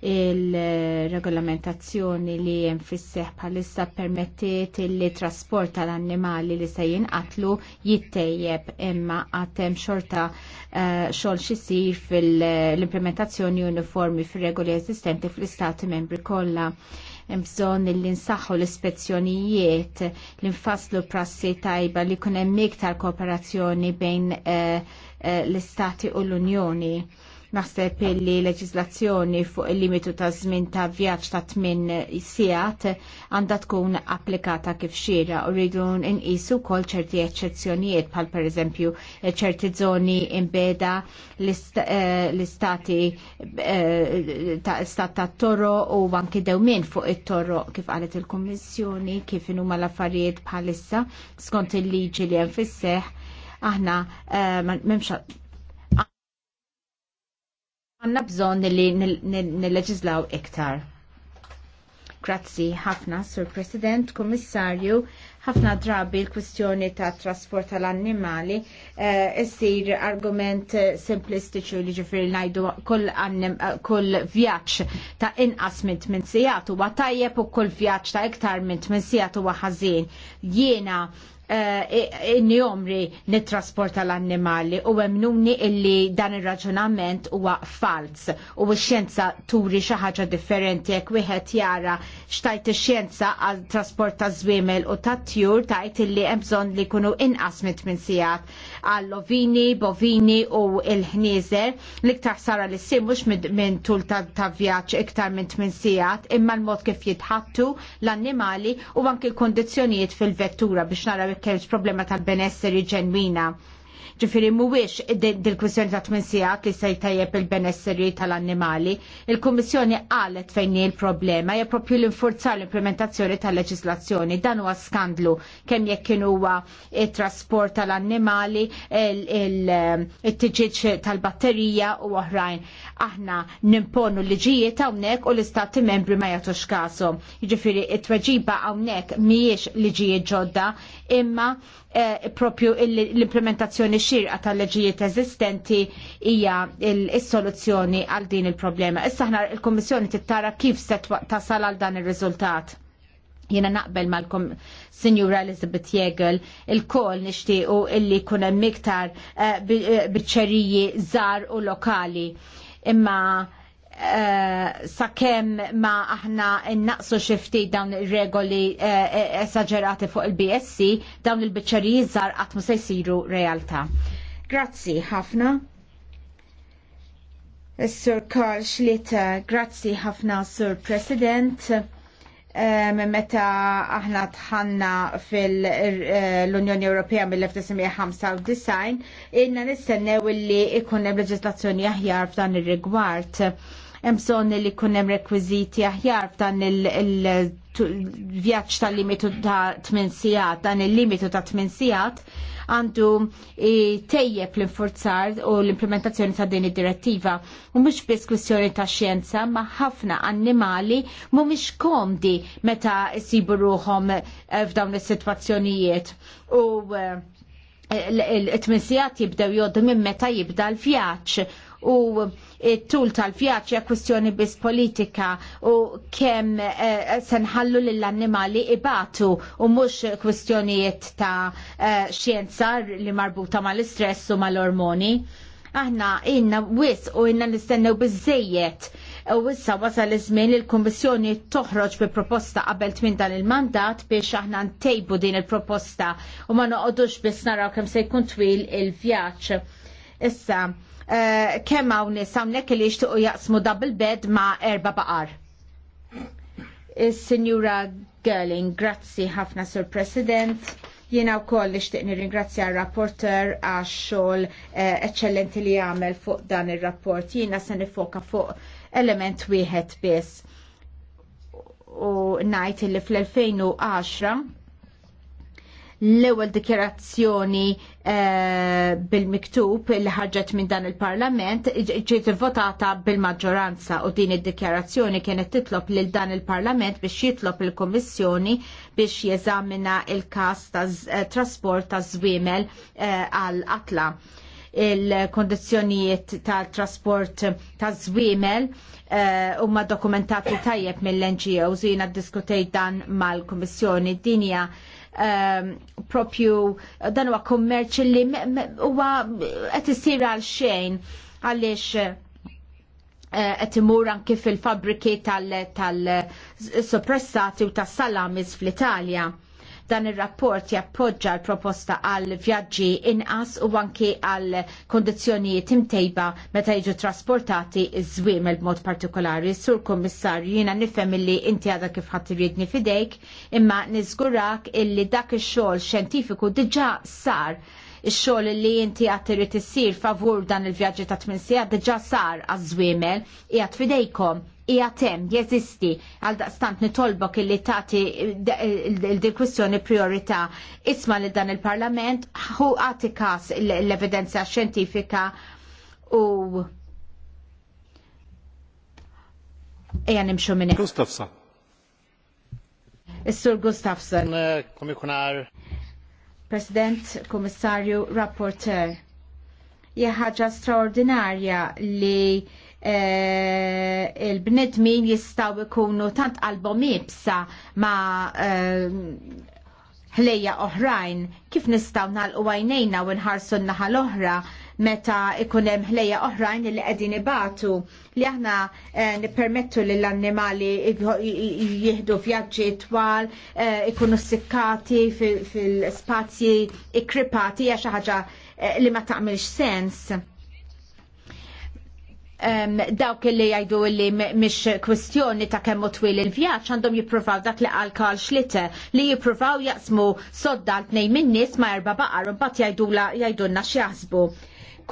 il-regolamentazzjoni li jem fisseħ bħalissa permettiet li trasport tal-annimali li se jinqatlu jittejjeb imma għatem xorta eh, xol xisir fil-implementazzjoni uniformi fil-regoli eżistenti fl-istati membri kollha Mbżon l-insaxu l-ispezzjonijiet li nfasslu prassi tajba li kunem miktar kooperazzjoni bejn eh, eh, l-istati u l-Unjoni Naħseb li leġislazzjoni fuq il-limitu ta' żmien ta' vjaġġ ta' tmien sigħat għandha tkun applikata kif xira u rridu nqisu wkoll ċerti eċċezzjonijiet bħal pereżempju eh, ċerti żoni imbeda eh, l-istati eh, ta' stat ta' toro u anki dewmien fuq it-toro kif qalet il-Kummissjoni kif inhuma l-affarijiet bħalissa skont il-liġi li hemm fis-seħħ aħna memxa Għanna bżon li nil-leġizlaw iktar. Grazzi ħafna, Sur President, Kommissarju, ħafna drabi l-kwistjoni ta' trasport tal-annimali eh, issir eh, argument simplistiċu li ġifir najdu kull, eh, kull vjaċ ta' inqas minn tmin sijatu, wa tajjeb u kull vjaċ ta' iktar minn tmin sijatu wa għazin. Jiena Eh, inni omri nittrasporta l-annimali u għemnuni illi dan il-raġunament huwa fals u x-xjenza turi xaħġa differenti jek wieħed jara xtajt ix-xjenza għal trasport ta' żwiemel u ta' tjur tajt illi hemm bżonn li jkunu inqas minn sijat għal lovini, bovini u l-ħnieżer l-iktar sara li simux minn tul ta' vjaġġ iktar minn tmin sijat imma l-mod kif jitħattu l-annimali u anke l-kondizzjonijiet fil-vettura biex naraw kienx problema tal-benesseri ġenwina. Ġifiri mhuwiex dil-kwistjoni ta' tminsijat li se jtajjeb il-benesseri tal-annimali. Il-Kummissjoni qalet fejn hi l-problema hija proprju l-infurzar l-implementazzjoni tal-leġislazzjoni. Dan huwa skandlu kemm jekk kien huwa it-trasport tal-annimali, il tiġiġ tal-batterija u oħrajn aħna nimponu liġijiet hawnhekk u l-istati membri ma jagħtux kasom. Jiġifieri it-tweġiba hawnhekk mhijiex liġijiet ġodda imma eh, propju l-implementazzjoni xirqa tal-leġijiet eżistenti hija s-soluzzjoni għal din il-problema. Issa aħna l-Kummissjoni tittara kif se tasal għal dan ir-riżultat jena naqbel malkom Signora Elizabeth Jegel il-kol nishtiqu illi kunem miktar uh, biċċeriji zar u lokali imma Uh, sakemm ma aħna innaqsu xifti dawn il-regoli uh, eh, eh, esagerati fuq il-BSC, dawn il bicċari jizzar għatmu se jisiru realtà. Grazzi ħafna. Sur Karl Schlitter, grazzi ħafna, Sur President meta aħna tħanna fil-Unjoni Ewropea mill-1995 inna nistennew illi ikun hemm leġislazzjoni aħjar f'dan ir-rigward hemm bżonn li jkun hemm rekwiżiti aħjar f'dan il-vjaġġ tal-limitu ta' 8 sijat, dan il-limitu ta' 8 sigħat għandu eh, tejjeb l-infurzar u l-implementazzjoni ta' din id-direttiva. U mhux biss kwistjoni ta' xjenza, ma' ħafna annimali mhumiex komdi meta jsibu ruhom eh, f'dawn is-sitwazzjonijiet. U it-tminsijat eh, jibdew joddu minn meta jibda l-vjaġġ u it-tul tal-vjaġġ hija kwistjoni biss politika u kemm senħallu eh, se nħallu lill-annimali ibatu u mhux kwistjonijiet ta' eh, xjenza li marbuta mal-istress u mal-ormoni. Aħna inna wis u inna nistennew biżejjed u issa wasal iż-żmien il l-Kummissjoni toħroġ bi proposta qabel tmien dan il-mandat biex aħna ntejbu din il-proposta u ma noqogħdux biss naraw kemm se jkun twil il-vjaġġ. Issa, Eh, kemm hawn nies hawnhekk li jixtiequ jaqsmu double bed ma' erba' baqar. Is-Sinjura Gerling, grazzi ħafna Sur President. Jiena wkoll nixtieq nirringrazzja r-rapporter għax xogħol eh, eċċellenti li jagħmel fuq dan ir-rapport. Jiena se nifoka fuq element wieħed biss. U ngħid li fl-2010 l-ewwel dikjerazzjoni Eh, bil-miktub li ħarġet minn dan il-parlament ġiet votata bil-maġġoranza u din id-dikjarazzjoni kienet titlob lil dan il-parlament biex jitlob il-Kommissjoni biex jeżamina il-kas ta' eh, trasport ta' żwiemel eh, għal-Atla il-kondizjonijiet tal-trasport ta' żwiemel huma dokumentati tajjeb mill-NGOs jina ddiskutejt dan mal-Kummissjoni dinja propju dan huwa kummerċ li huwa qed isir għal xejn għaliex qed imur anke fil-fabriki tal-suppressati u tas-salamis fl-Italja Dan ir-rapport jappoġġa l-proposta għal vjaġġi inqas u anki għal kondizjoni imtejba meta jiġu trasportati iż-żwiem il-mod partikolari. Sur Kummissarju, jiena nifhem illi inti għadha kif ħadd iridni fidejk, imma niżgurak illi dak ix-xogħol xjentifiku diġà sar Ix-xogħol li inti għad irid issir favur dan il-vjaġġi ta' tmien sigħat diġà sar għaż-żwiemel qiegħed fidejkom jgħatem, tem jeżisti għal daqstant nitolbok illi tagħti il-kwistjoni priorità isma li dan il-Parlament hu għati każ l-evidenza xjentifika u ejja nimxu minn Gustafsson. Is-Sur Gustafsson. Eh, Komikunar. President, Komissarju, Rapporteur. hija ħaġa straordinarja li Eh, il-bnedmin jistaw ikunu tant qalbhom jibsa ma' eh, ħlejja oħrajn, kif nistaw nalqu għajnejna u nħarsu n-naħa l-oħra meta ikunem ħlejja oħrajn li qegħdin ibatu li aħna eh, nippermettu li l-annimali jihdu vjaġġi twal, ikunu sikkati fil-spazji ikripati hija xi ħaġa li ma taqmilx sens um, dawk li jgħidu li mish kwestjoni ta' kemmu twil il-vjaċ għandhom jipprovaw dak li għal kal xlite li jipprovaw jaqsmu sodda l-tnej minnis ma' erba baqar un bat jajdu na xjaħsbu.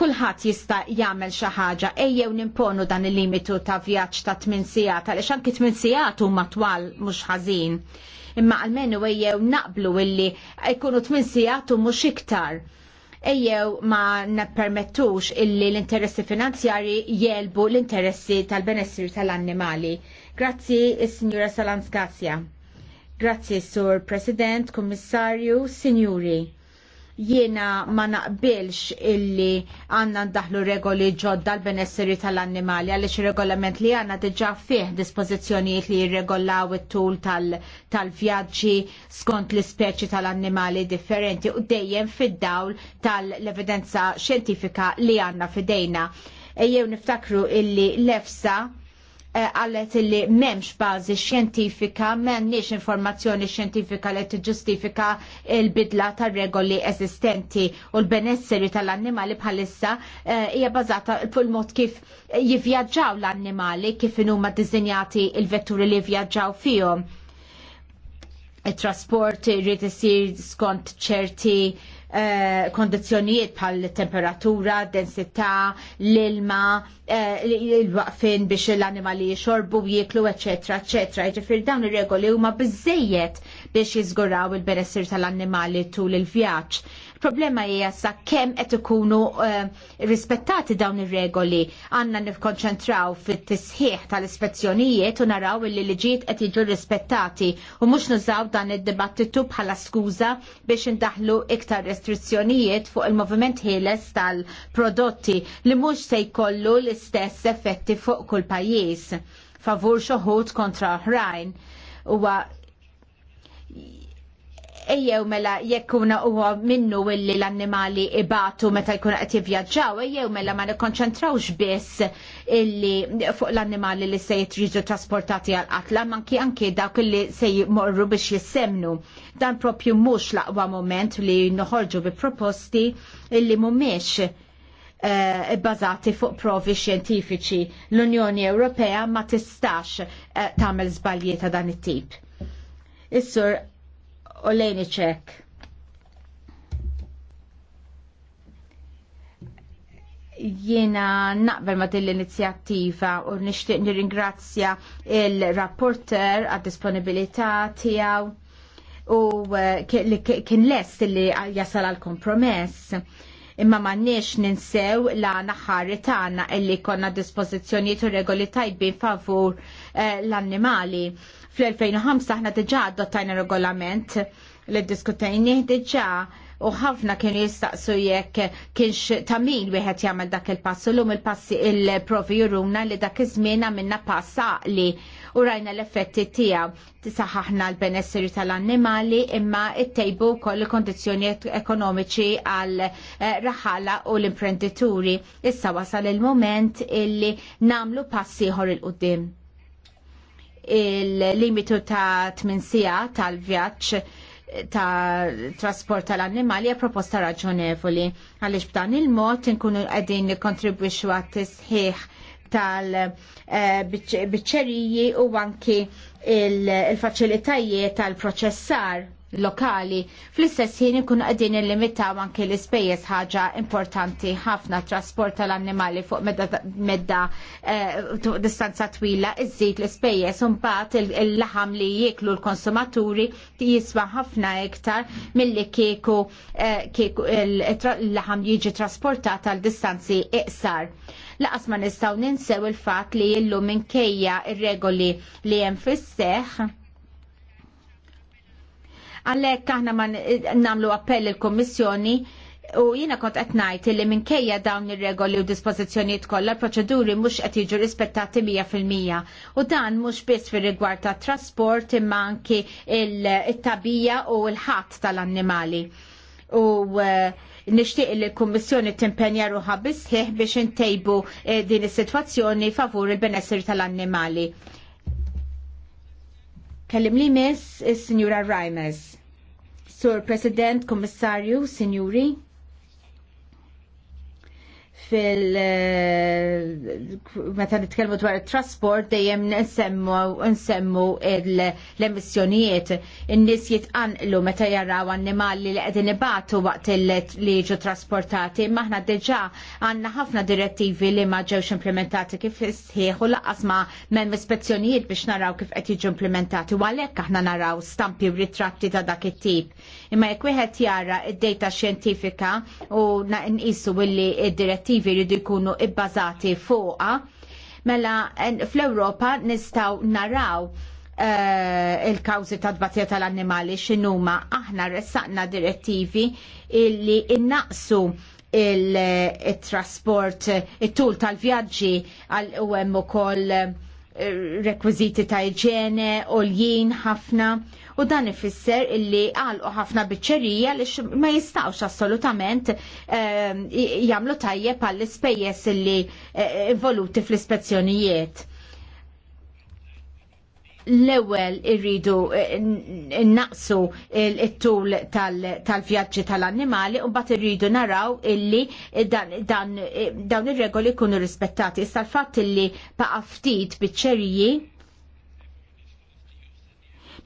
Kulħadd jista' jagħmel xi ħaġa ejjew nimponu dan il-limitu ta' vjaġġ ta' tmien sigħat għaliex anki tmien sigħat huma twal mhux ħażin. Imma għalmenu ejjew naqblu illi jkunu tmien sigħat u mhux iktar ejjew ma nappermettux illi l-interessi finanzjari jelbu l-interessi tal-benessir tal-annimali. Grazzi, signora Salanskazja. Grazzi, Sur President, Kommissarju, Signori jiena ma naqbilx illi għanna ndaħlu regoli ġodda l-benesseri tal-annimali għalix regolament li għanna diġa fih dispozizjoniet li jirregolaw it-tul tal-vjaġġi skont l-ispeċi tal-annimali differenti u dejjem fid-dawl tal-evidenza xjentifika li għanna fidejna. Ejjew niftakru illi l-EFSA Eh, għallet li memx bazi xjentifika, memniex informazzjoni xjentifika li t-ġustifika il-bidla ta' regoli eżistenti u l-benesseri tal-annimali bħalissa eh, hija bazata fuq mod kif jivjaġġaw l-annimali kif inhuma dizinjati il-vetturi li jivjaġġaw fihom. Il-trasport irrid isir skont ċerti Eh, kondizjonijiet bħal temperatura, densità, l-ilma, eh, il-waqfin biex l-animali jxorbu, jiklu, ecc. ecc. Ġifir dawn ir-regoli huma bizzejiet biex jiżguraw il-benessir tal-annimali tul il-vjaġġ Il-problema hija sa kemm qed ikunu eh, rispettati dawn ir-regoli. Għandna nikkonċentraw fit-tisħiħ tal-ispezzjonijiet u naraw li liġijiet qed jiġu rispettati u mhux nużaw dan id-dibattitu bħala skuża biex indaħlu iktar restrizzjonijiet fuq il-moviment ħieles tal-prodotti li mhux se jkollu l-istess effetti fuq kull pajjiż favur xoħut kontra oħrajn. Huwa ejjew mela jekkuna huwa minnu illi l-annimali ibatu meta jkun qed jivvjaġġaw, ejjew mela ma nikkonċentrawx biss illi fuq l-annimali li se jitriġu trasportati għal qatla manki anke dawk illi se jmorru biex jissemnu. Dan propju mhux l-aqwa moment li noħorġu bi proposti illi mhumiex eh, bbażati fuq provi xjentifiċi. L-Unjoni Ewropea ma tistax eh, tagħmel żbalji ta' dan it-tip. Is-sur Olejniċek. Jiena naqbel ma din l-inizjattiva u nixtieq nirringrazzja il-rapporter għad-disponibilità tiegħu u eh, kien lest li jasal għal kompromess imma nix ninsew la naħħari tagħna illi konna dispożizzjonijiet u regoli tajbin favur eh, l-annimali Fl-2005 aħna diġà għaddottajna regolament li diskutajni diġà u ħafna kienu jistaqsu jekk kienx tamin wieħed jagħmel dak il-pass u lum il-passi il-provi juruna li dak iż-żmien għamilna pass għaqli u rajna l-effetti tiegħu. Tisaħħaħna l-benesseri tal-annimali imma ttejbu wkoll il kondizjoni ekonomiċi għal eh, raħala u l imprendituri Issa wasal il-moment illi namlu passi ieħor il-qudiem il-limitu ta' 8 sija tal-vjaċ ta' trasport tal-annimali hija proposta raġonevoli għaliex b'dan il-mod inkunu qegħdin nikkontribwixxu għat-tisħiħ tal-biċċeriji eh, u anki il-faċilitajiet tal-proċessar lokali. Fl-istess ħin ikun qegħdin illimitaw anke l-ispejjeż ħaġa importanti ħafna trasport tal-annimali fuq medda, medda eh, distanza twila iżid l-ispejjeż u mbagħad il-laħam li jieklu l-konsumaturi jiswa ħafna iktar milli kieku eh, kieku il-laħam jiġi trasportat għal distanzi iqsar laqas ma nistaw ninsew il-fat li jillu minkejja ir-regoli li hemm fis-seħħ Għalhekk aħna ma eh, nagħmlu appell il-Kummissjoni U jina kont qed ngħid li minkejja dawn ir-regoli u dispożizzjonijiet kollha proċeduri mhux qed jiġu rispettati 100% u dan mhux biss fir-rigward tat trasport imma anki il-tabija u l-ħadd tal-annimali. U eh, nixtieq li l-Kummissjoni timpenja ruħha bisħiħ biex intejbu eh, din is-sitwazzjoni favur il-benessir tal-annimali. Kellim li miss is Signora Rimes. Sur President, Kommissarju, Signori, fil eh, meta nitkellmu dwar it trasport dejjem nsemmu l-emissjonijiet in-nies jitqanqlu meta jaraw annimali li qegħdin ibatu waqt li jiġu trasportati imma aħna diġà għandna ħafna direttivi li ma ġewx implementati kif sħiħ u laqqas ma m'hemm ispezzjonijiet biex naraw kif qed jiġu implementati u għalhekk aħna naraw stampi u ritratti ta' dak it-tip Imma jekk wieħed jara id-data xjentifika u nqisu billi id-direttivi jridu jkunu ibbażati fuqha, mela fl-Ewropa nistgħu naraw eh, il-kawzi ta' dbatija tal-annimali x'inhuma aħna ressaqna direttivi illi innaqsu il-trasport, il-tul tal-vjaġġi għal u ukoll rekwiziti ta' iġene u l-jien ħafna u dan ifisser illi u ħafna biċċerija li ma jistawx assolutament ehm, jagħmlu tajjeb għall ispejjeż illi eh, eh, involuti fl-ispezzjonijiet l-ewwel irridu eh, naqsu il tul tal-vjaġġi tal-annimali u mbagħad irridu naraw illi eh, dawn ir-regoli jkunu rispettati. Issa l-fatt illi paqaftit ftit biċċeriji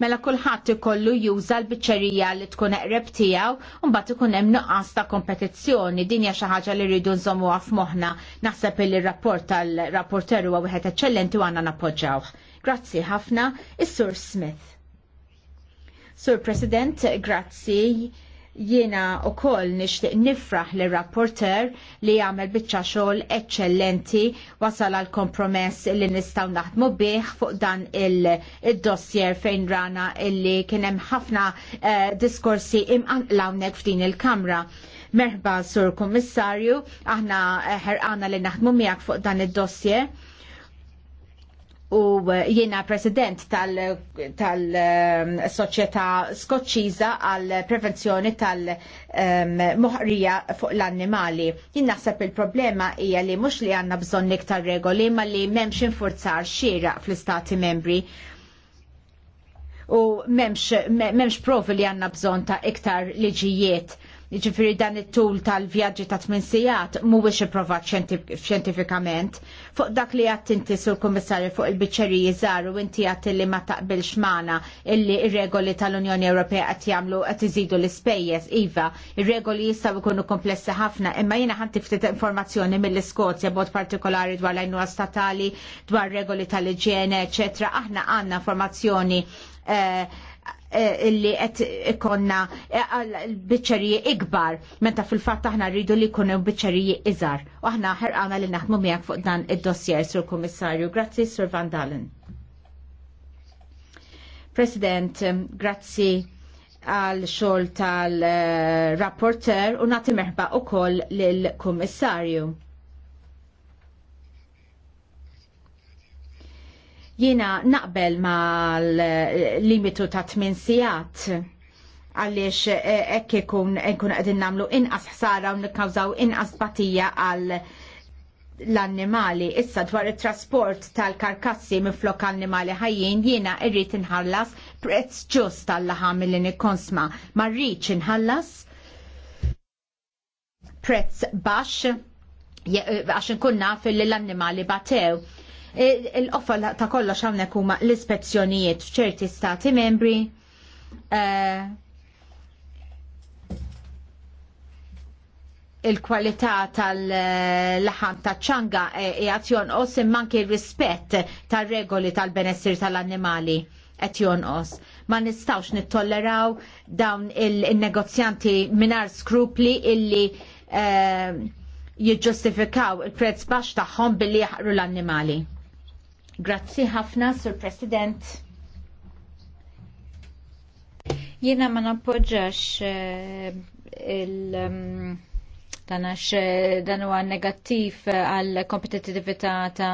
mela kulħadd ikollu juża l-biċċerija li tkun eqreb tiegħu u mbagħad ikun hemm nuqqas ta' kompetizzjoni din hija xi ħaġa li rridu nżommuha f'moħħna naħseb li r-rapport tal-rapporter huwa wieħed eċċellenti u għandna nappoġġawh. Grazzi ħafna, is-Sur Smith. Sur President, grazzi jiena u koll nishtiq nifraħ li rapporter li jagħmel biċċa xogħol eċċellenti wasal għal kompromess li nistgħu naħdmu bih fuq dan il-dossier fejn rana illi kien hemm ħafna eh, diskorsi diskorsi imqanqlawnek f'din il-kamra. Merħba sur Kummissarju, aħna eh, ħerqana li naħdmu miegħek fuq dan id-dossier u eh, jiena president tal-Soċjetà eh, Skoċċiża għal prevenzjoni tal-moħrija ehm, fuq l-annimali. Jien naħseb il-problema hija li mhux li għandna bżonn iktar regoli ma li m'hemmx infurzar xieraq fl-istati membri u m'hemmx memx provi li għanna bżon ta' iktar liġijiet Ġifiri dan it-tul tal-vjaġġi ta' tmien sigħat mhuwiex ipprovat xjentifikament. Fuq dak li għatt inti sur kummissarju fuq il-biċċeriji żaru inti għatt li ma taqbilx magħna illi r regoli tal-Unjoni Ewropea qed jagħmlu qed iżidu l-ispejjeż iva, ir-regoli jistgħu jkunu komplessi ħafna, imma jiena ħan ftit informazzjoni mill-Iskozja bod partikolari dwar l-għajnuna statali, dwar regoli tal-iġiene, eċetera. Aħna għandna informazzjoni eh, Eh, illi qed ikonna eh, biċċerji ikbar meta fil-fatt aħna rridu li jkunu biċċeriji iżgħar. U aħna ħerqana li naħdmu miegħek fuq dan id-dossier sur Kummissarju. Grazzi Sur Van Dalen. President, grazzi għal xogħol tal-rapporter eh, u nagħti merħba wkoll lill-Kummissarju. Jiena naqbel ma l-limitu eh, ta' 8 sijat għaliex eh, ekk ikun nkun qegħdin nagħmlu inqas ħsara u nikkawżaw inqas batija għal l-annimali. Issa dwar it-trasport tal-karkassi minflok annimali ħajjin jiena irrid inħallas prezz ġust tal-laħam li nikkonsma. Ma rridx inħallas prezz baxx eh, għax nkun naf li l-annimali batew il offa ta' kollox hawnhekk huma l-ispezzjonijiet f'ċerti stati membri. Eh, il-kwalità tal-laħam ta' ċanga jgħat e, e jonqos immanki rispett tal-regoli tal-benessir tal-annimali qed jonqos. Ma nistawx nittolleraw dawn il-negozjanti minar skrupli illi eh, jiġġustifikaw il-prezz baxx tagħhom billi jaħru l-annimali. Grazzi ħafna, Sur President. Jiena ma nappoġġax eh, il- um, għax eh, dan huwa negattiv eh, għal kompetitività ta'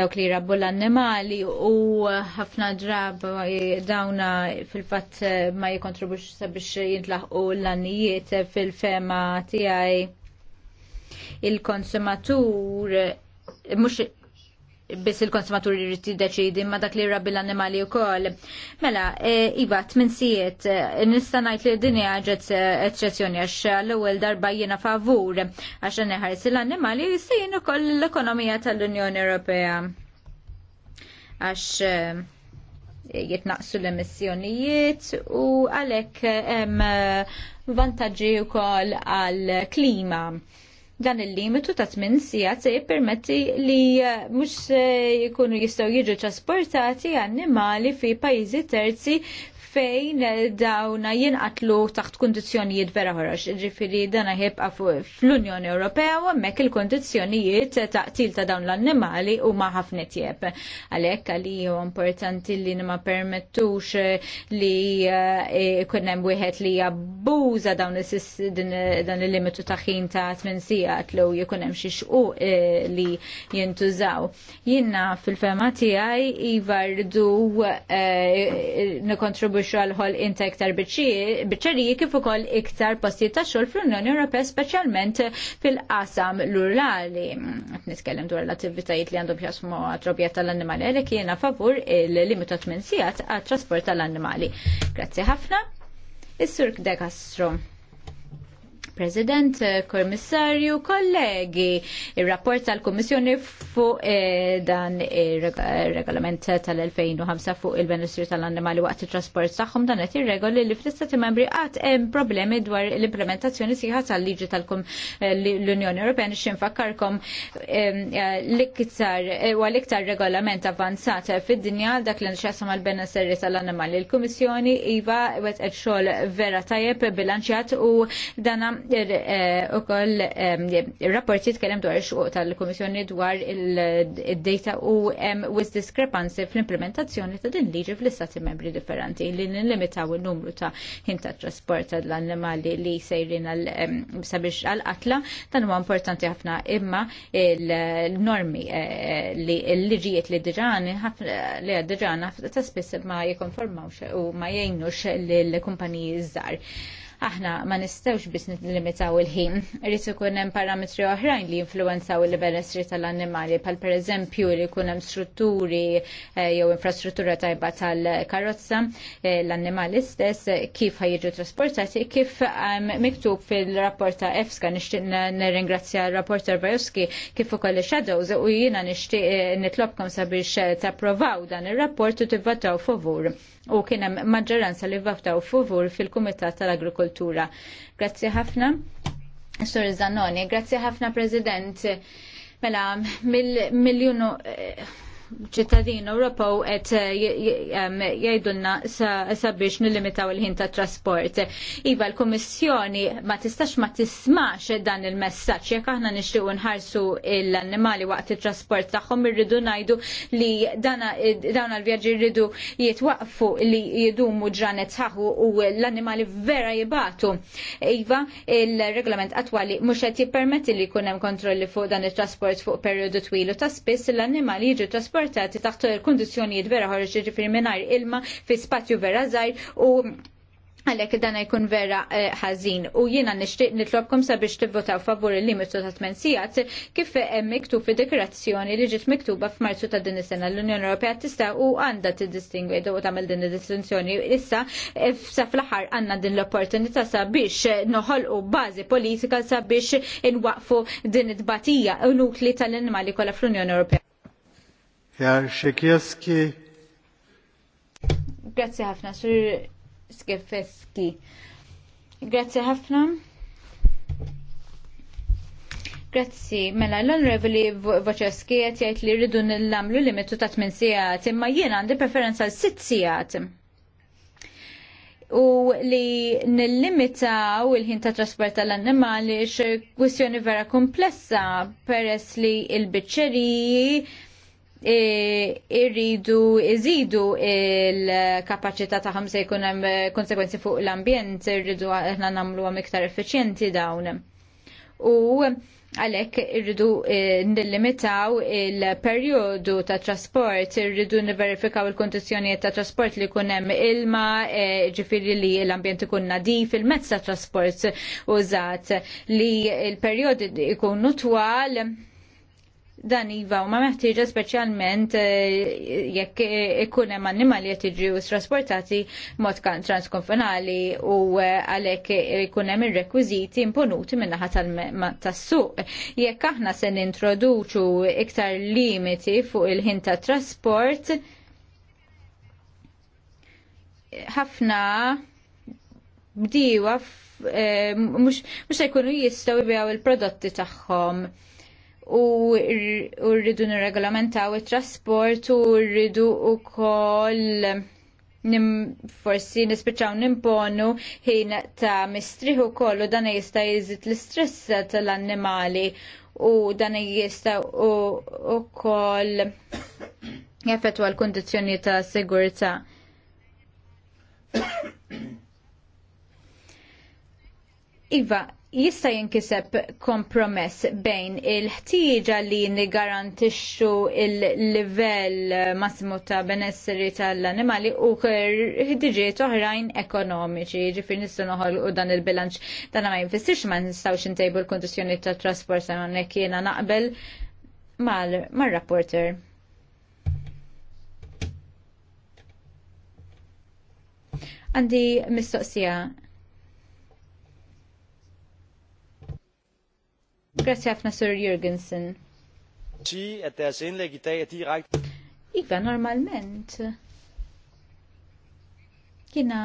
dawk li rabbu l-annimali u ħafna drab dawna fil-fatt ma jikontribux sabiex jintlaħqu l-annijiet fil-fema tiegħi il-konsumatur mhux biss il-konsumatur jrid jiddeċidi ma dak li rabbi l-annimali wkoll. Mela, e, iva, tmin sijiet, e, nista' ngħid li dinja ġet eċċezzjoni għax l-ewwel darba jiena favur għax neħares l-annimali u ukoll l-ekonomija tal-Unjoni Ewropea. Għax e, jitnaqsu l-emissjonijiet u għalhekk hemm vantaġġi wkoll għall-klima. Dan il-limitu ta' 8 sija se jippermetti li eh, mhux jkunu jistgħu jiġu trasportati annimali fi pajjiżi terzi fejn dawna jinqatlu taħt kondizjonijiet vera ħarax. Ġifiri dana ħibqa fl-Unjoni Ewropea u mek il-kondizjonijiet taqtil ta' dawn l-annimali u ma ħafna tjeb. Għalek għalli u importanti li ma permettux li eh, kunnem wieħed li jabbuża dawn dan il-limitu ta' ħin ta' 8 sijat li jikunem xiex eh, u li jintużaw. Jinnna fil-fema tijaj ivardu eh, nikontribu xogħol għal ħol inta iktar biċċeriji kif ukoll iktar postijiet ta' xogħol fl-Unjoni Ewropea speċjalment fil-qasam rurali. Qed nitkellem dwar l-attivitajiet li għandhom jasmu għat-trobjet tal-annimali li jiena favur il limitat minn sigħat għat-trasport tal-annimali. Grazzi ħafna. Is-Sur De Castro. President, Kommissarju, kollegi, il-rapport tal-Kommissjoni fuq eh, dan il-regolament tal-2005 fuq il-benessir tal-annimali waqt il-trasport tagħhom dan qed regoli li fl-istati membri għat hemm problemi dwar l-implementazzjoni siħat tal-liġi tal-Unjoni eh, Ewropea nixxi fakkarkom eh, l-iktar huwa l-iktar regolament avanzat fid-dinja dak li nixxasam għal-benessir tal-annimali. Il-Kummissjoni iva għet xogħol vera tajjeb bilanċjat u dana Eh, u koll eh, rapporti tkellem dwar xuq tal-Komissjoni dwar il-data u wis diskrepanzi fl-implementazzjoni ta' din liġi fl-istati membri differenti li nillimitaw il-numru ta' ħinta trasport tal-annimali li sejrin sabiex għal-qatla dan huwa importanti ħafna imma il-normi eh, li l-liġijiet li d-ġani li diġan ta' spiss ma jikonformawx u ma jgħinux l-kumpaniji żgħar. Aħna ma nistgħux biss nitlimitaw il-ħin. Irid ikun hemm parametri oħrajn li jinfluwenzaw il benessri tal-annimali bħal pereżempju li jkun hemm strutturi eh, jew infrastruttura tajba tal-karozza eh, l-annimali stess kif ħajġu trasportati kif ehm, miktub fil-rapport ta' EFSKA nixtieq nirringrazzja r-rapporter Bajowski kif ukoll shadows u jiena nixtieq eh, nitlobkom sabiex tapprovaw dan ir-rapport u tivvotaw favur u kien hemm maġġoranza li vaftaw favur fil-Kumitat tal-Agrikoltura. Grazzi ħafna. Sur Zanoni, grazzi ħafna President. Mela, miljunu eh, ċittadin Ewropew qed eh, jgħidulna sabiex nillimitaw il-ħin ta' trasport. Iva l-Kummissjoni ma tistax ma tismax dan il-messaġġ jekk aħna nixtiequ nħarsu l-annimali waqt it-trasport tagħhom irridu ngħidu li dawn għall-vjaġġi rridu jitwaqfu li jidumu ġranet ħaħu u l-annimali vera jibatu. Iva, il-reglament attwali mhux qed jippermetti li jkun hemm kontrolli fuq dan it-trasport fuq perjodu twilu ta' spiss l-annimali jiġu trasport trasportati taħt kondizjonijiet vera ħarġ ġifiri minnar ilma fi spazju vera zaħir u għalek dana jkun vera eh, ħażin u jiena nixtieq nitlobkom sabiex tivvotaw favur il-limitu ta' tmensijat kif hemm miktub fi dekorazzjoni li ġiet miktuba f'Marzu ta' din is-sena l-Unjoni Ewropea tista' u għandha tiddistingwi u tagħmel din id-distinzjoni issa eh, sa fl-aħħar għandna din l-opportunità sabiex eh, noħolqu bażi politika sabiex inwaqfu din it-tbatija nukli tal-annimali kollha fl-Unjoni Ewropea. Herr Sikierski. Grazie ħafna, Sir Skefeski. Grazie ħafna. Grazzi, mela l-Onorevoli Voceski qed jgħid li rridu nillamlu limitu ta' 8 sigħat, imma jien għandi preferenza l 6 sigħat. U li nillimitaw il-ħin ta' trasport tal-annimali x'kwistjoni vera komplessa peress li l biċċeriji E, irridu iżidu il-kapacità ta' se jkun hemm konsekwenzi fuq l-ambjent, irridu aħna nagħmluhom iktar effiċjenti dawn. U għalek irridu e, nillimitaw il perjodu ta' trasport, irridu niverifikaw il kundizzjonijiet ta' trasport li hemm ilma, e, ġifiri li l-ambjent ikun nadif, il-mezz ta' trasport użat, li il perjodi jkunu twal dan iva u ma meħtieġa speċjalment eh, jekk e- ikun hemm annimali qed jiġu trasportati mod transkonfinali u eh, għalhekk ikun hemm ir-rekwiżiti imponuti min naħa tas-suq. Jekk aħna se nintroduċu iktar limiti fuq il-ħin ta' trasport, ħafna bdiewa eh, mhux se jkunu jistgħu jbigħu il-prodotti tagħhom u rridu nirregolamentaw it-trasport u rridu wkoll nim, forsi nispiċaw nimponu ħin ta' mistriħu kollu dan jista' jiżid l-istress tal-annimali u dan jista' u, u koll jaffetu l-kondizjoni ta' sigurta. Iva, jista' jinkiseb kompromess bejn il-ħtieġa li nigarantixxu il-livell massimu ta' benesseri tal-annimali u ħdiġiet oħrajn ekonomiċi, ġifir nistgħu noħolqu dan il-bilanċ dan ma jinfissirx ma nistgħux intejbu l-kondizzjoni tat trasport sa hawnhekk jiena naqbel mar rapporter Għandi mistoqsija Grazie ħafna Sir Jurgensen. Iva, normalment. Kiena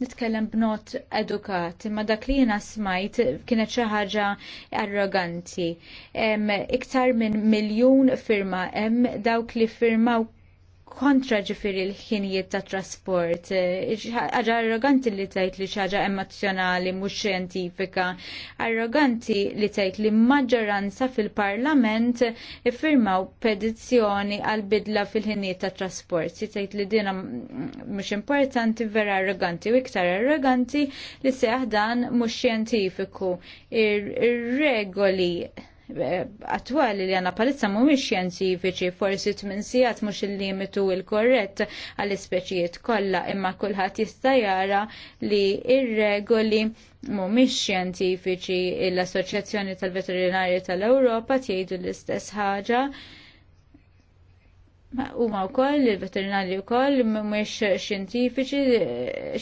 nitkellem b'not edukat, imma dak li jina smajt kienet xi ħaġa arroganti. Iktar minn miljun firma hemm dawk li firmaw kontra ġifiri l-ħinijiet ta' trasport. Eh, ħaġa arroganti li tajt li ċaġa emozjonali, mhux xjentifika. Arroganti li tajt li maġġoranza fil-parlament firmaw petizzjoni għal bidla fil-ħinijiet ta' trasport. Si tajt li dina mhux importanti, vera arroganti u iktar arroganti li seħdan mhux xjentifiku. Ir-regoli Eh, attuali li għanna mu mumiex xjentifiċi forsi t-minsijat mux il-limitu il-korrett għall-ispeċijiet kolla imma kullħat jistajara li ir-regoli mumiex xjentifiċi l-Assoċjazzjoni tal-Veterinari tal-Europa tjgħidu l-istess ħaġa U ma' u koll, il-veterinari u koll, mux xjentifiċi,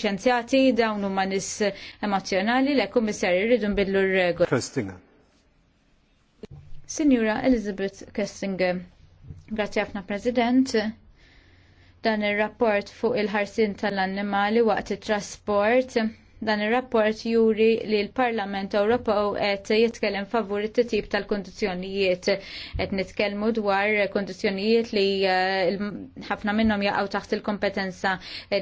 xjenzjati, dawn u ma' nis emozjonali, l-ekkum bissar irridu nbidlu r-regoli. Signora Elizabeth Kessinger. Grazie ħafna President. Dan ir rapport fuq il ħarsien tal-annimali waqt it-trasport Dan ir-rapport juri li l-Parlament Ewropew qed jitkellem favur it-tip tal-kondizzjonijiet qed nitkellmu dwar kondizzjonijiet li eh, ħafna minnhom jaqgħu taħt il-kompetenza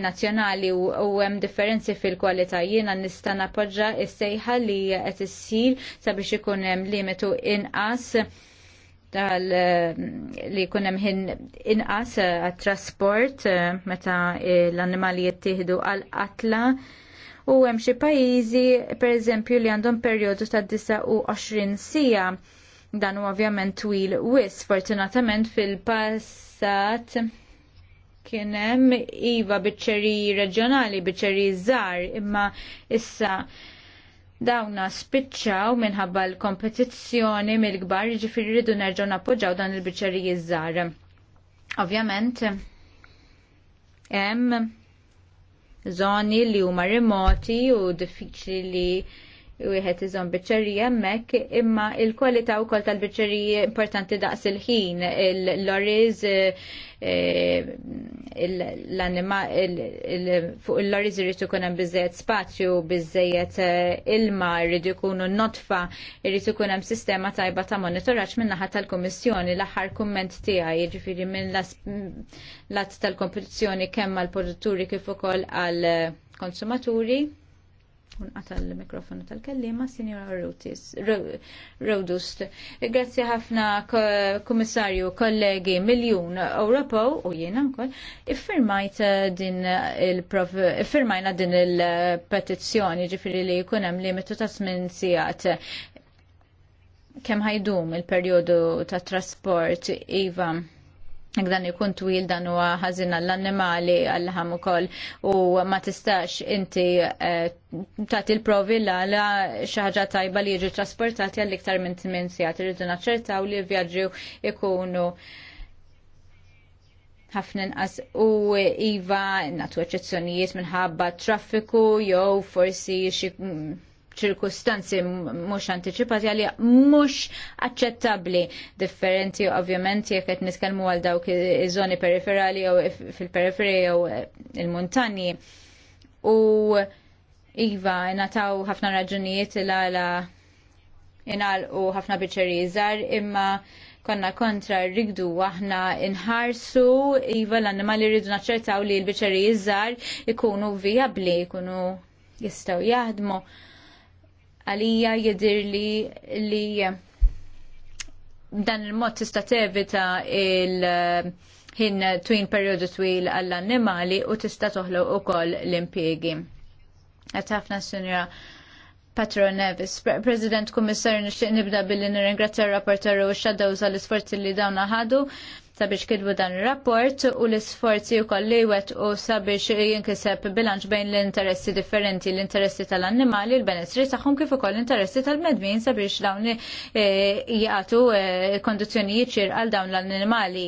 nazzjonali u hemm differenzi fil-kwalità. Jiena nista' nappoġġa s-sejħa li qed issir sabiex ikun hemm limitu inqas tal li hemm ħin inqas għat-trasport eh, meta l-annimali jittieħdu għal-qatla u hemm xi pajjiżi pereżempju li għandhom perjodu ta' 29 sija. Dan huwa ovvjament twil wis, fortunatament fil-passat kien hemm iva biċċeriji reġjonali, biċċeriji żgħar, imma issa dawna spiċċaw minħabba l-kompetizzjoni mill-kbar, jiġifieri rridu nerġgħu nappoġġaw dan il-biċċeriji żgħar. Ovvjament, hemm zoni li huma remoti u diffiċli li wieħed iżom biċċerija hemmhekk, imma il-kwalità wkoll tal-biċċeriji importanti daqs il-ħin, il-lorries, il eh, Eh, fuq il-lorriż irid ikun hemm spazju, biżejjed eh, ilma, jridu kunu notfa, irid ikun hemm sistema tajba ta' monitoraċ min-naħa tal-Kummissjoni l-aħħar kumment tiegħi, jiġifieri minn l-att tal-kompetizzjoni kemm għall produtturi kif ukoll għall eh, konsumaturi unqata l-mikrofonu tal-kellima, Signora Rodust. Grazzi ħafna komissarju, kollegi, miljun Ewropew u jien ankoll, iffirmajt eh, din il iffirmajna din il-petizzjoni ġifiri li jkun hemm limitu ta' żmien sigħat kemm ħajdum il-perjodu ta' trasport iva Jek dan ikun twil dan huwa għazina l annimali għall-ħam ukoll u ma tistax inti eh, tagħti l-provi l-għala xi ħaġa tajba li jiġu trasportati għall-iktar minn tmien sigħat naċċerta naċċertaw li vjaġġu ikunu ħafna nqas u iva nagħtu eċċezzjonijiet minħabba traffiku jew forsi xi mm, ċirkustanzi mhux antiċipati għalli mhux aċċettabbli differenti ovvjament jekk qed nitkellmu għal dawk iż-żoni periferali jew fil-periferi jew il-muntanji. U iva nataw ħafna raġunijiet l-għala inqal u ħafna biċeri iżar imma konna kontra rigdu aħna inħarsu iva l-annimali rridu naċċertaw li l-biċeri iżar ikunu vijabli, ikunu jistaw jaħdmu għalija jidir li li dan il-mod tista' tevita il- ħin twin periodu twil għall-annimali u tista' toħloq ukoll l-impjegi. Qed ħafna sinjora Patron Nevis, President Kummissar, nixtieq nibda billi nirringrazzja r-rapporter u x-shadows għall-isforzi li dawn ħadu sabiex kidbu dan il-rapport u l-isforzi u kolli wet u sabiex jinkiseb bilanċ bejn l-interessi differenti, l-interessi tal-annimali, l-benessri taħħum kif ukoll l-interessi tal-medmin sabiex dawn eh, jgħatu eh, kondizjoni ċir għal dawn l-annimali,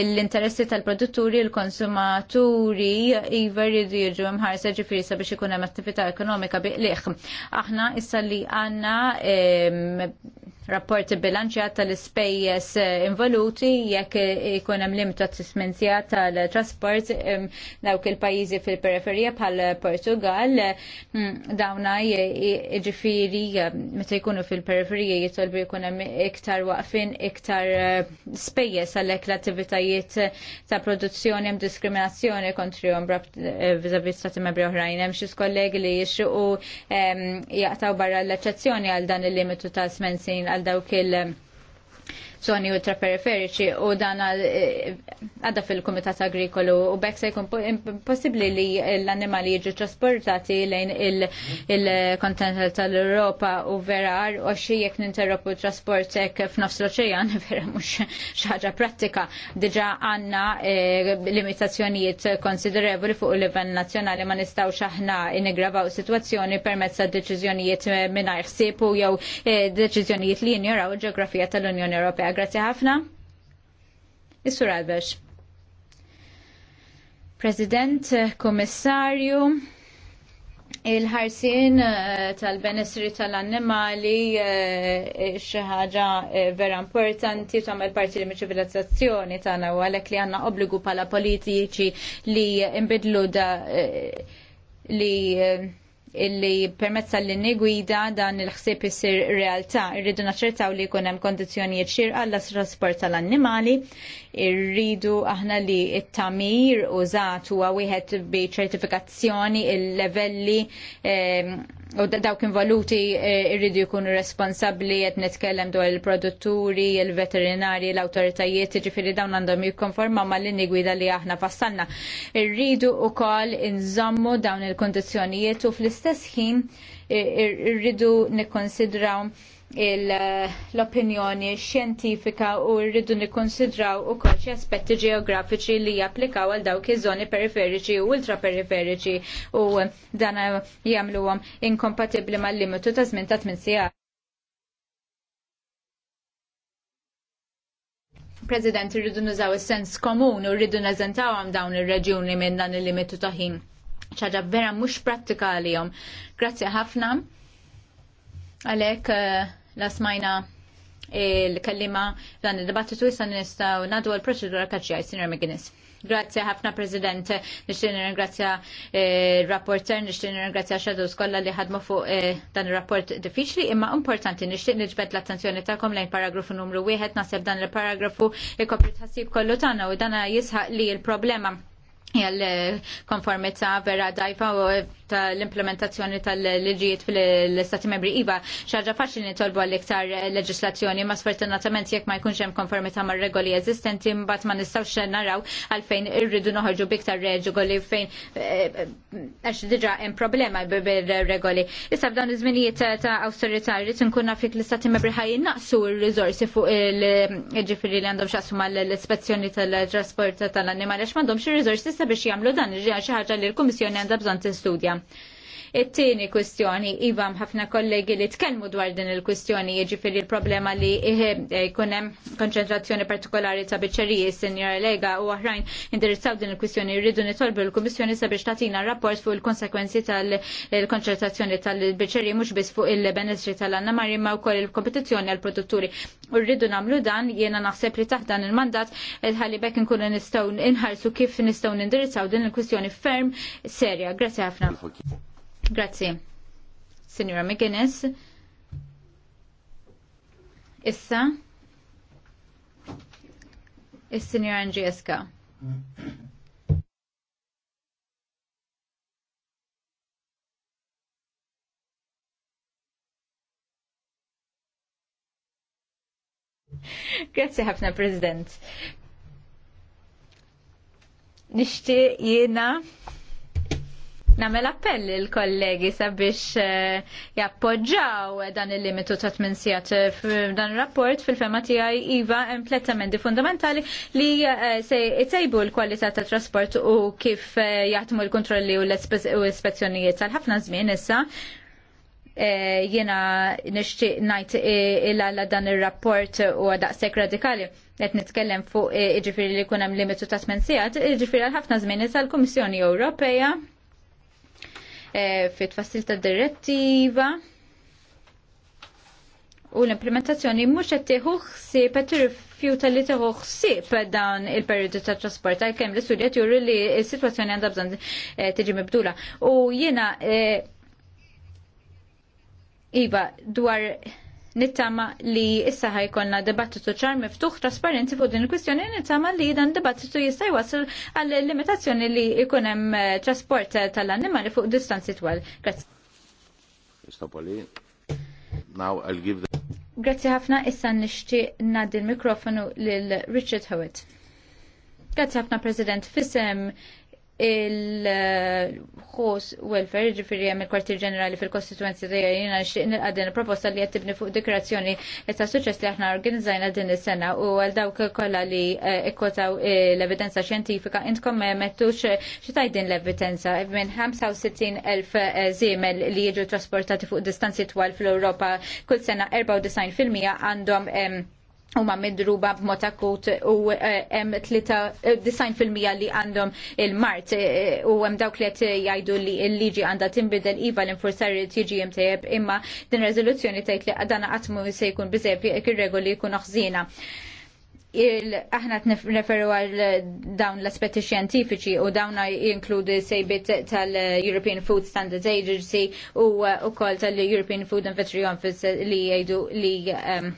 l-interessi tal-produtturi, l-konsumaturi, iver jridu jiġu mħarsa ġifiri sabiex ikun hemm attività ekonomika biqliħ. Aħna issa li għanna rapporti bilanċjat tal-ispejjeż eh, involuti jekk eh, ikun hemm limita tismenzja tal-trasport dawk il-pajjiżi fil-periferija bħal Portugal dawna jiġifieri meta jkunu fil-periferija jitolbu jkun hemm iktar waqfin iktar eh, spejjeż għalhekk l-attivitajiet ta' produzzjoni hemm diskriminazzjoni kontrihom viżavi stati membri oħrajn hemm xi skollegi li jixuqu jaqtaw barra l-eċċezzjoni għal dan il-limitu ta' smenzin għal dawk il- zoni ultraperiferiċi u dan eh, għadda fil-Kumitat Agrikolu u bekk se jkun possibbli li l-annimali jiġu trasportati lejn il kontinental tal-Europa u vera u xie jek ninterropu trasport f'nofs l oċejan vera mhux xi ħaġa prattika. Diġà għandna eh, limitazzjonijiet konsiderevoli fuq il-livell nazzjonali ma nistgħux aħna inigravaw sitwazzjoni permezz ta' deċiżjonijiet mingħajr ħsieb u jew eh, deċiżjonijiet li jinjoraw il-ġeografija tal-Unjoni Ewropea grazzi ħafna. Is-Sur Albex. President, Komissarju, il-ħarsin eh, tal-benessri tal-annimali eh, eh, xi ħaġa vera importanti tagħmel parti li miċ-ċivilizzazzjoni tagħna u għalek li għandna obbligu bħala politiċi li imbidlu da li illi permezz tal-linni gwida dan il-ħsieb isir realtà. Irridu naċċertaw li jkun hemm kondizzjonijiet xirqa għall trasport tal-annimali, irridu aħna li it-tamir użat huwa wieħed bi ċertifikazzjoni il-levelli ehm, u dawk involuti eh, irridu jkunu responsabbli qed nitkellem dwar il-produtturi, il-veterinari, l-awtoritajiet, ġifieri dawn għandhom jikkonforma mal-linji gwida li aħna fassalna. Irridu wkoll inżommu dawn il-kondizzjonijiet u fl-istess ħin eh, irridu nikkonsidraw l-opinjoni xjentifika u rridu nikkonsidraw ukoll xi aspetti ġeografiċi li japplikaw għal dawk iż-żoni periferiċi u ultraperiferiċi u dan jagħmluhom inkompatibbli mal-limitu ta' żmien ta' tmien sigħat. President, rridu nużaw is-sens komun u rridu neżentawhom dawn ir-reġjuni minn dan il-limitu ta' ħin. ċaġa vera mhux prattika għalihom. Grazzi ħafna. Għalhekk eh, la smajna il kallima dan il-dibattitu issa nistaw nadu għal-proċedura kaċġaj, Sr. McGuinness. Grazie ħafna President, nixtieq nirringrazzja eh, rapporter, nixtieq nirringrazzja Shadows kollha li ħadmu fuq eh, dan ir-rapport diffiċli imma importanti nixtieq niġbed l-attenzjoni tagħkom lejn paragrafu numru wieħed nasib dan il-paragrafu ikopri tħassib kollu tagħna u dana jisħaq li l-problema jgħal eh, konformizza vera dajfa u eh, l implementazzjoni tal-leġijiet fil-Stati Membri IVA xaġa faċli nitolbu għall-iktar eh, leġislazzjoni ma sfortunatament jekk ma jkunx hemm konformità mar regoli eżistenti mbagħad ma nistgħux naraw għalfejn irridu noħorġu biktar regoli fejn għax diġà hemm problema bir-regoli. Issa f'dan iż-żminijiet ta' awtorità rrid inkun nafik l-Istati Membri ħajjin naqsu r-riżorsi fuq il-ġifieri li għandhom x'assuma l ispezzjoni tal-trasport tal-annimali għax m'għandhomx ir-riżorsi issa biex jagħmlu dan xi ħaġa li l-Kummissjoni għandha bżonn tistudja. It-tieni kwistjoni iva ħafna kollegi li tkellmu dwar din il-kwistjoni jiġifieri l-problema li eh, eh, jkun hemm konċentrazzjoni partikolari ta' biċċeriji senjor Lega u oħrajn indirizzaw din il-kwistjoni rridu nitolbu l-Kummissjoni sabiex tagħtina rapport fuq il-konsekwenzi tal-konċentrazzjoni tal-biċċeriji mhux biss fuq il-benessri tal-Anna Mari ma wkoll il-kompetizzjoni għall-produtturi. U rridu nagħmlu dan jiena naħseb li taħt dan il-mandat il-ħalli bekk nkunu nistgħu inħarsu kif nistgħu nindirizzaw din il-kwistjoni ferm serja. Grazie ħafna. Grazie. Signora McGuinness. Issa. Is-Signora Angieska. Grazie ħafna, President. Nishti jiena Namel appell il-kollegi sabiex eh, jappoġġaw dan il-limitu ta' tminsijat dan il-rapport fil-fema tijaj Iva hemm tlet fundamentali li eh, se jtejbu l-kwalità ta' trasport u kif eh, jaħdmu l-kontrolli u l-ispezzjonijiet tal-ħafna żmien issa. Jiena nixtieq ngħid il-għalla dan ir-rapport u daqshekk radikali qed nitkellem fuq iġifiri li jkun hemm limitu ta' tmensijat, iġifiri għal ħafna żmien issa l-Kummissjoni Ewropea Eh, fit tfassil direttiva u l-implementazzjoni mhux qed tieħu ħsieb qed tirrifjuta li tieħu ħsieb dan il-perjodu ta' trasport għalkemm l-istudja juru li s-sitwazzjoni għandha bżonn eh, tiġi mibdula. U jiena eh, Iva, dwar nittama li issa ħajkonna debattitu ċar miftuħ trasparenti fuq din il-kwistjoni nittama li dan debattitu jista' jwassal għall limitazzjoni li jkun hemm eh, trasport eh, tal-annimali fuq distanzi twal. Grazie. Now I'll give the... Grazzi ħafna issa nixtieq ngħaddi l-mikrofonu lil Richard Howitt. Grazzi ħafna President Fissem, il-ħos welfare, ġifiri għem il-kwartir ġenerali fil-kostituenzi dija jina nixtieq nil-għadin proposta li jattibni fuq dekorazzjoni ta' suċess li aħna organizzajna din is-sena u għal dawk kollha li eh, ikkotaw eh, l-evidenza xjentifika intkom eh, xitaj din l-evidenza minn 65,000 żiemel li jiġu trasportati fuq distanzi twal fl-Ewropa kull sena 94% għandhom huma midruba b'mod akut u eh, hemm eh, design fil-mija li għandhom il-mart eh, u hemm dawk li qed jgħidu li l-liġi għandha tinbidel iva l-infurzar tiġi imtejjeb imma din riżoluzzjoni tgħid li dan qatt mhu se jkun biżejjed jekk ir-regoli jkunu Aħna t-referu għal dawn l-aspetti xjentifiċi u dawna jinkludi sejbit tal-European Food Standards Agency u u tal-European Food and Veterinary Office li jgħidu li ehm,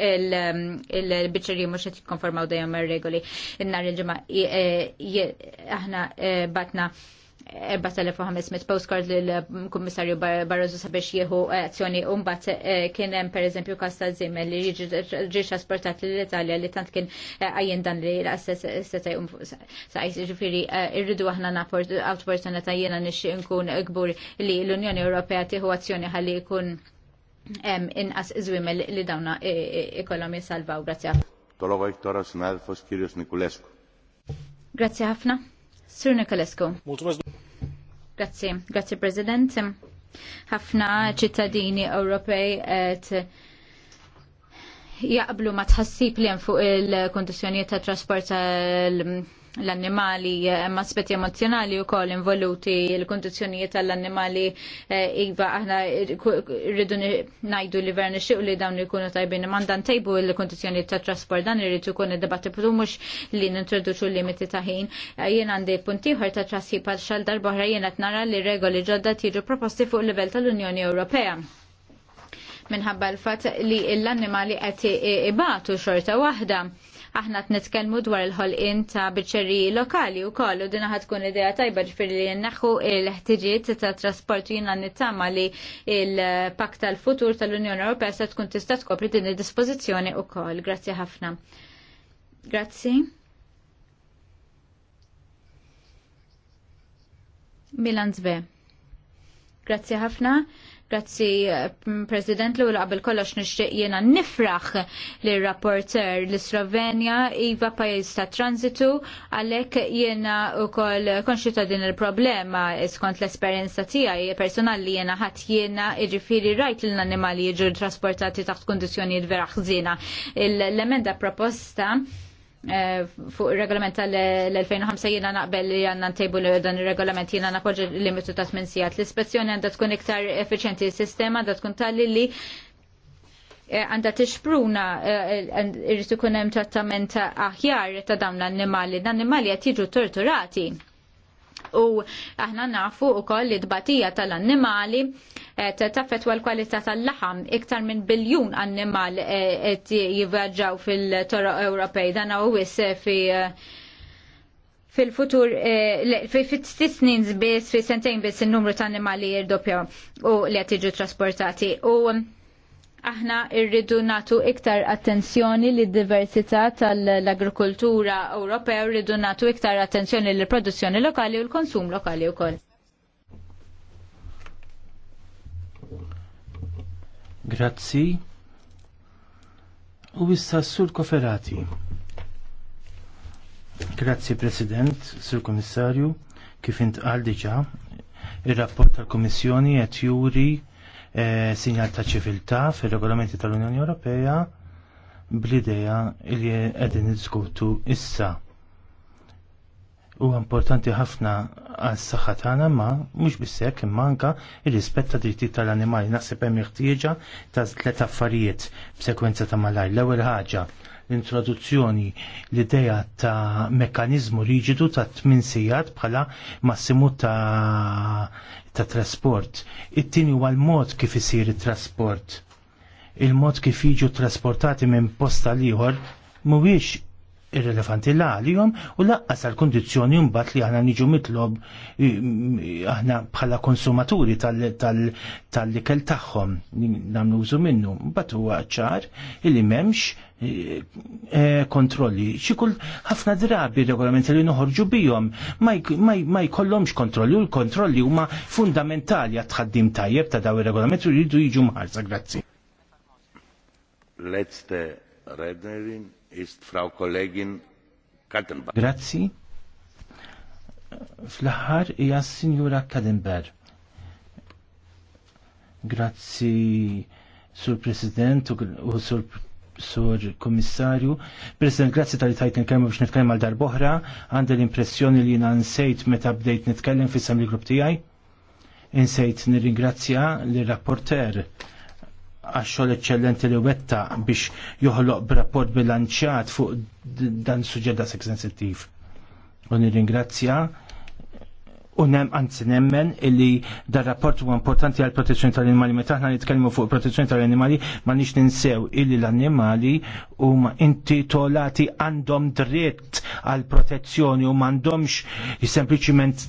il-biċċerji um, mhux qed jikkonformaw dejjem ir-regoli. in nar il-ġimgħa e, aħna e, batna 4500 postcard l-Kummissarju um, Barroso sabiex jieħu e, azzjoni umbat kien hemm pereżempju kas ta' żimmel li ġie trasportat lill-Italja li tant kien għajjen dan li l-qas seta' jqum saqajs ġifiri irridu aħna naport awtportunità jiena nix nkun kbur li l-Unjoni Ewropea tieħu azzjoni ħalli jkun inqas iżwim li dawna ikollhom jissalvaw. Grazzi ħafna. Tolova iktora snalfos Kirjus Nikulescu. Grazzi ħafna. Sur Nikolescu. Grazzi, grazzi President. Ħafna ċittadini Ewropej qed jaqblu ma tħassib li hemm fuq il-kondizzjonijiet ta' trasport tal l-annimali eh, ma aspetti emozjonali wkoll involuti l-kundizzjonijiet tal-annimali eh, iva aħna rridu ngħidu li verni xiq li dawn ikunu tajbin mandan tejbu l-kundizzjonijiet tat trasport dan irid ikun id-debatti mhux li nintroduċu limiti ta' ħin. Eh, jien għandi punt ieħor ta' trasib għal xal darba oħra jien qed nara li regoli ġodda tiġu proposti fuq livell tal-Unjoni Ewropea minħabba l-fat li l-annimali qed ibatu xorta waħda Aħna t-netkelmu dwar il-ħolqin ta' biċċeriji lokali u kollu dina ħatkun idea tajba ġifiri li naħu il-ħtiġiet ta' trasport jina nittama li il-pak tal-futur tal-Unjoni Ewropea se tkun tista' tkopri din id-dispożizzjoni koll. Grazzi ħafna. Grazzi. Milan Zbe. Grazzi ħafna. Grazzi, eh, President, Lula, qabel kollox nixtieq jiena nifraħ lir rapporter l slovenja Iva pajjiż ta' transitu, għalhekk jiena wkoll konxi ta' din il-problema skont l-esperjenza tiegħi personali jiena ħadd jiena jiġifieri rajt l annimali jiġu trasportati taħt kundizzjonijiet vera ħżiena. L-emenda proposta Eh, fuq il-regolament tal-2005 jina naqbel li għanna ntejbu dan il-regolament jina l limitu ta' 8 sijat. L-ispezzjoni għanda tkun iktar efficienti s-sistema, għanda tkun tal li eh, għanda t-ixpruna eh, irritu kunem trattament aħjar ta' dawn l-annimali. Dan-annimali għat jiġu torturati. U aħna nafu u koll li dbatija tal-annimali eh, taffetwa l-kwalità tal-laħam iktar minn biljun annimal eh, qed jivvjaġġaw fil-toro Ewropej dan wis eh, fi fil-futur fit-stis snin biss fi sentejn biss in-numru ta' annimali jirdopja u li qed trasportati. U Aħna irridu natu iktar attenzjoni li diversità tal-agrikoltura Ewropea, irridu natu iktar attenzjoni li produzzjoni lokali u l-konsum lokali u koll. Grazzi. U issa sur koferati. Grazzi President, sur Komissarju, kif intqal diġa, il-rapport tal-Komissjoni qed juri Eh, sinjal ta' ċiviltà fir-regolamenti tal-Unjoni Ewropea bl-idea li qegħdin niddiskutu issa. Huwa importanti ħafna għas saħħa tagħna ma mhux biss imma anke ir-rispett ta' drittijiet tal-annimali naħseb hemm iħtieġa ta' tliet affarijiet b'sekwenza ta' Malaj. L-ewwel ħaġa l-introduzzjoni l-ideja ta' mekkanizmu riġidu ta' tmin sijat bħala massimu ta' ta' trasport. it tini huwa l-mod kif isir it-trasport. Il-mod kif jiġu trasportati minn posta liħor mhuwiex irrelevanti l għalihom u laqqas għal kondizjoni mbagħad li aħna niġu mitlob aħna bħala konsumaturi tal-ikel tagħhom nagħmlu użu minnu. Mbagħad huwa ċar illi m'hemmx e, kontrolli. Xi kull ħafna drabi regolamenti li noħorġu bihom ma jkollhomx kontrolli u l-kontrolli huma fundamentali għat tħaddim tajjeb ta' daw ir-regolamenti li jridu jiġu mħarsa. Grazzi. Let's the rednerin ist Frau Kollegin Kattenbach. Grazzi. Fl-aħħar hija Sinjura Kattenberg. Grazzi Sur President u Sur Sur Komissarju. President, grazzi tal-li tajt nitkellem biex nitkellem għal darboħra. Għandi l-impressjoni li jina nsejt meta bdejt nitkellem fis-samli grupp tiegħi. Insejt nirringrazzja l-rapporter Għaxol eccellenti li wetta biex joħloq b'rapport bilanċjat fuq dan suġġedda sek sensittiv. U nirringrazzja u nem anzi nemmen illi dar rapport huwa importanti għal protezzjoni tal-animali meta aħna nitkellmu fuq protezzjoni tal-animali ma nix ninsew illi l-annimali huma intitolati għandhom dritt għal protezzjoni u m'għandhomx sempliċiment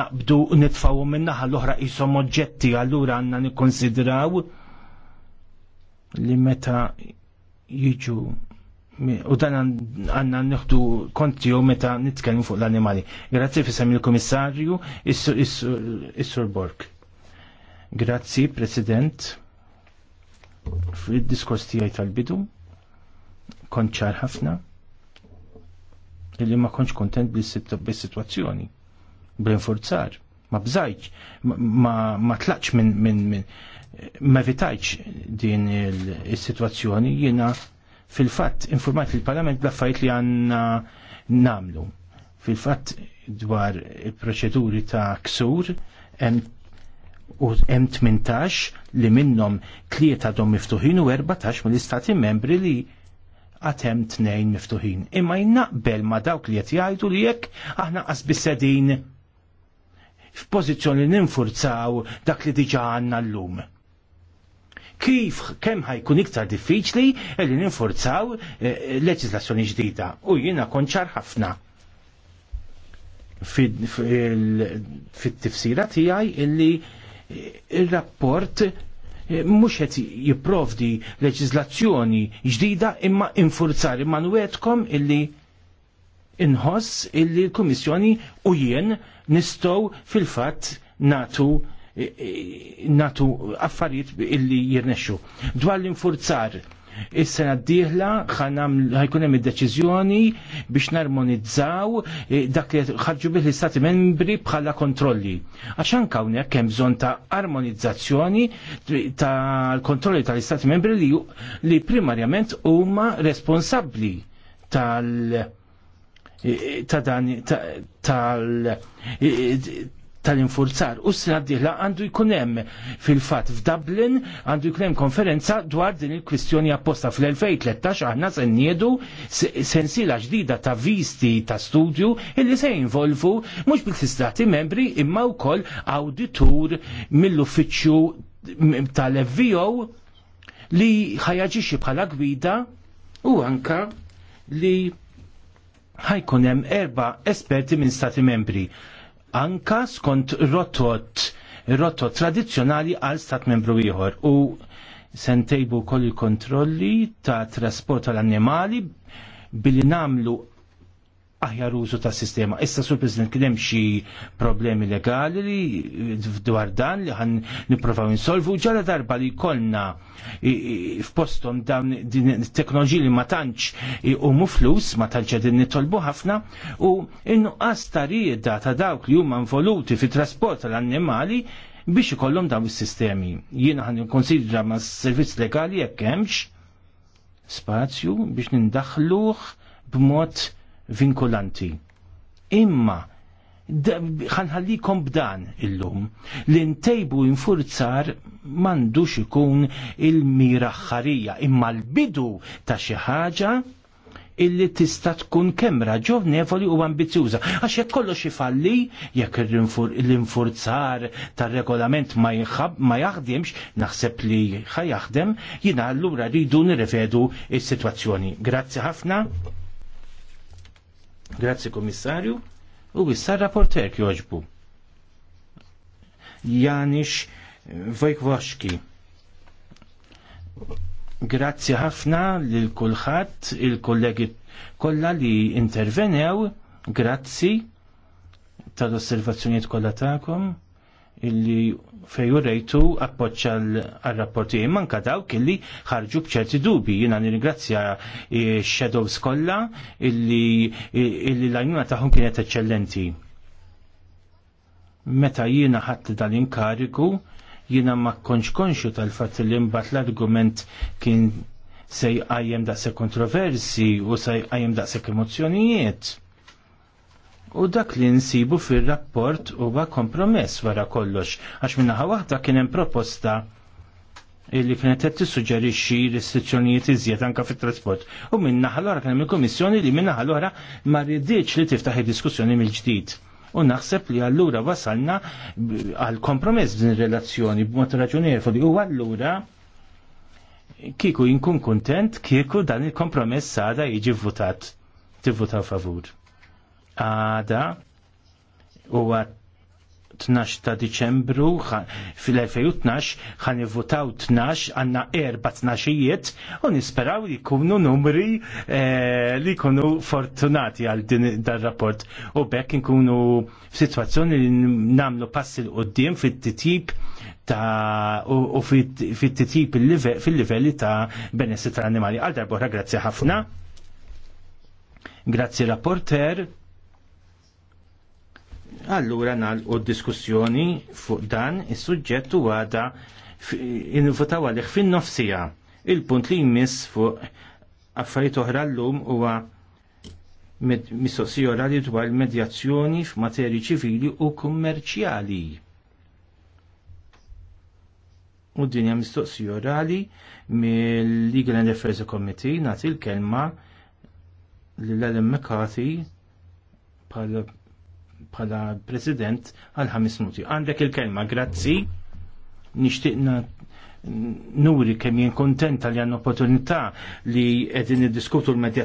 naqbdu nitfawu min-naħa l-oħra qishom oġġetti allura għandna nikkonsidraw li meta jiġu u dan għanna nħdu kontiju meta nitkellmu fuq l-animali. Grazzi fissam il-komissarju Issur Borg. Grazzi, President, fil-diskors tijaj tal-bidu, konċar ħafna, illi ma konċ kontent bil-situazzjoni, bil-forzar, ma bżajċ, ma, ma tlaqx minn ma vitajċ din il-situazzjoni jina fil-fatt informat il-Parlament blaffajt li għanna namlu. Fil-fatt dwar il-proċeduri ta' ksur u M18 li minnom klieta dom miftuħin u 14 mill-istati membri li għatem tnejn miftuħin. Imma jinnaqbel ma dawk li jgħidu li jekk aħna qasbis sedin f'pożizzjoni li ninfurzaw dak li diġa għanna l-lum kif kemm ħajkun iktar diffiċli li ninforzaw eh, leġislazzjoni ġdida. U jiena konċar ħafna fit-tifsira tiegħi illi eh, il-rapport eh, mhux qed jipprovdi leġislazzjoni ġdida imma infurzar imma nwedkom illi inħoss illi l-Kummissjoni u jien nistgħu fil-fatt natu natu affarijiet illi jirnexxu. Dwar l-infurzar, Is-sena d-dieħla ħajkun hemm id-deċiżjoni biex narmonizzaw e, dak li ħarġu bih l-Istati membri bħala kontrolli. Għax anke hawnhekk hemm bżonn ta' armonizzazzjoni tal-kontrolli tal-Istati membri li, li primarjament huma responsabbli tal- e, dan tal e, tal-infurzar. U s-sraddiħla għandu jkunem fil-fat f'Dublin, għandu jkunem konferenza dwar din il-kwistjoni apposta fl-2013 aħna se njedu sensila ġdida ta' visti ta' studju illi se jinvolvu mux bil sistrati membri imma wkoll auditur mill-uffiċċju tal-FVO li ħajaġixi bħala gwida u anka li ħajkun hemm erba' esperti minn stati membri anka skont rotot rotot tradizzjonali għal stat membru ieħor u sentejbu koll il-kontrolli ta' trasport tal-annimali billi namlu aħjar użu ta' sistema. Issa sur President kien hemm xi problemi legali li dwar dan li ħan niprofaw insolvu ġara darba li jkollna f'postom dawn din teknoloġija li ma tantx u flus, ma tantx din nitolbu ħafna u innuqqas ta' rieda ta' dawk li huma involuti fi trasport tal-annimali biex ikollhom dawn is-sistemi. Jiena ħan nikkonsidra ma' servizz legali jekk hemmx spazju biex nindaħluh b'mod vinkulanti. Imma ħanħallikom b'dan illum li ntejbu infurzar m'għandux ikun il miraħħarija imma l-bidu ta' xi ħaġa illi tista' tkun kemm raġonevoli u ambizjuża. Għax jekk kollox ifalli, jekk l-infurzar tar-regolament ma jaħdimx, naħseb li ħajaħdem, jina allura rridu nirrevedu is-sitwazzjoni. Grazzi ħafna. Grazzi Komissarju. U issa rapporter joġbu. Janix Vojkvoxki. Grazzi ħafna lil kulħadd il-kollegi kollha li intervenew. Grazzi tal-osservazzjonijiet kollha tagħkom illi fejju rejtu appoċċa l-rapporti manka dawk illi ħarġu bċerti dubi jina nirringrazzja shadows kollha illi illi l ajnuna tagħhom kienet eċċellenti. Meta jiena ħadd dal-inkariku jiena ma konx konxu tal-fatt li mbagħad l-argument kien se jqajjem daqshekk kontroversi u se jqajjem daqshekk emozzjonijiet U dak li nsibu fil-rapport huwa kompromess wara kollox, għax minna waħda kien hemm proposta illi kienet qed tissuġġerixxi restrizzjonijiet iżjed anke fit-trasport. U minnaħa l-oħra kien hemm il-Kummissjoni li minnaħa l-oħra ma rridx li tiftaħ id-diskussjoni mill-ġdid. U naħseb li allura wasalna għal kompromess din relazzjoni b'mod raġunevoli u allura kiku jinkun kontent kieku dan il-kompromess għada jiġi votat Tivvotaw favur għada u 12 ta' Diċembru fil-2012 ħan votaw 12 għanna erba' tnaxijiet u nisperaw li jkunu numri eh, li jkunu fortunati għal din dar-rapport u bekk nkunu f'sitwazzjoni li namlu pass il qoddim fit-titjib ta' u fit-titjib fil-livelli ta' benessi tal-animali. Għal darbora grazzi ħafna. Grazzi rapporter. Allura u diskussjoni fuq dan is-suġġett u għada invutaw għalih fin-nofsija. Il-punt li jmiss fuq affarijiet oħra llum huwa mistoqsija orali dwar il-medjazzjoni f'materji ċivili u kummerċjali. U din hija mistoqsija orali mill-Legal and Affairs Committee nagħti l-kelma lil Ellen McCarthy bħala bħala president għal ħames minuti. Għandek il-kelma, grazzi, nishtiqna nuri kemm jien kontenta li għan opportunità li qegħdin niddiskutu l-medja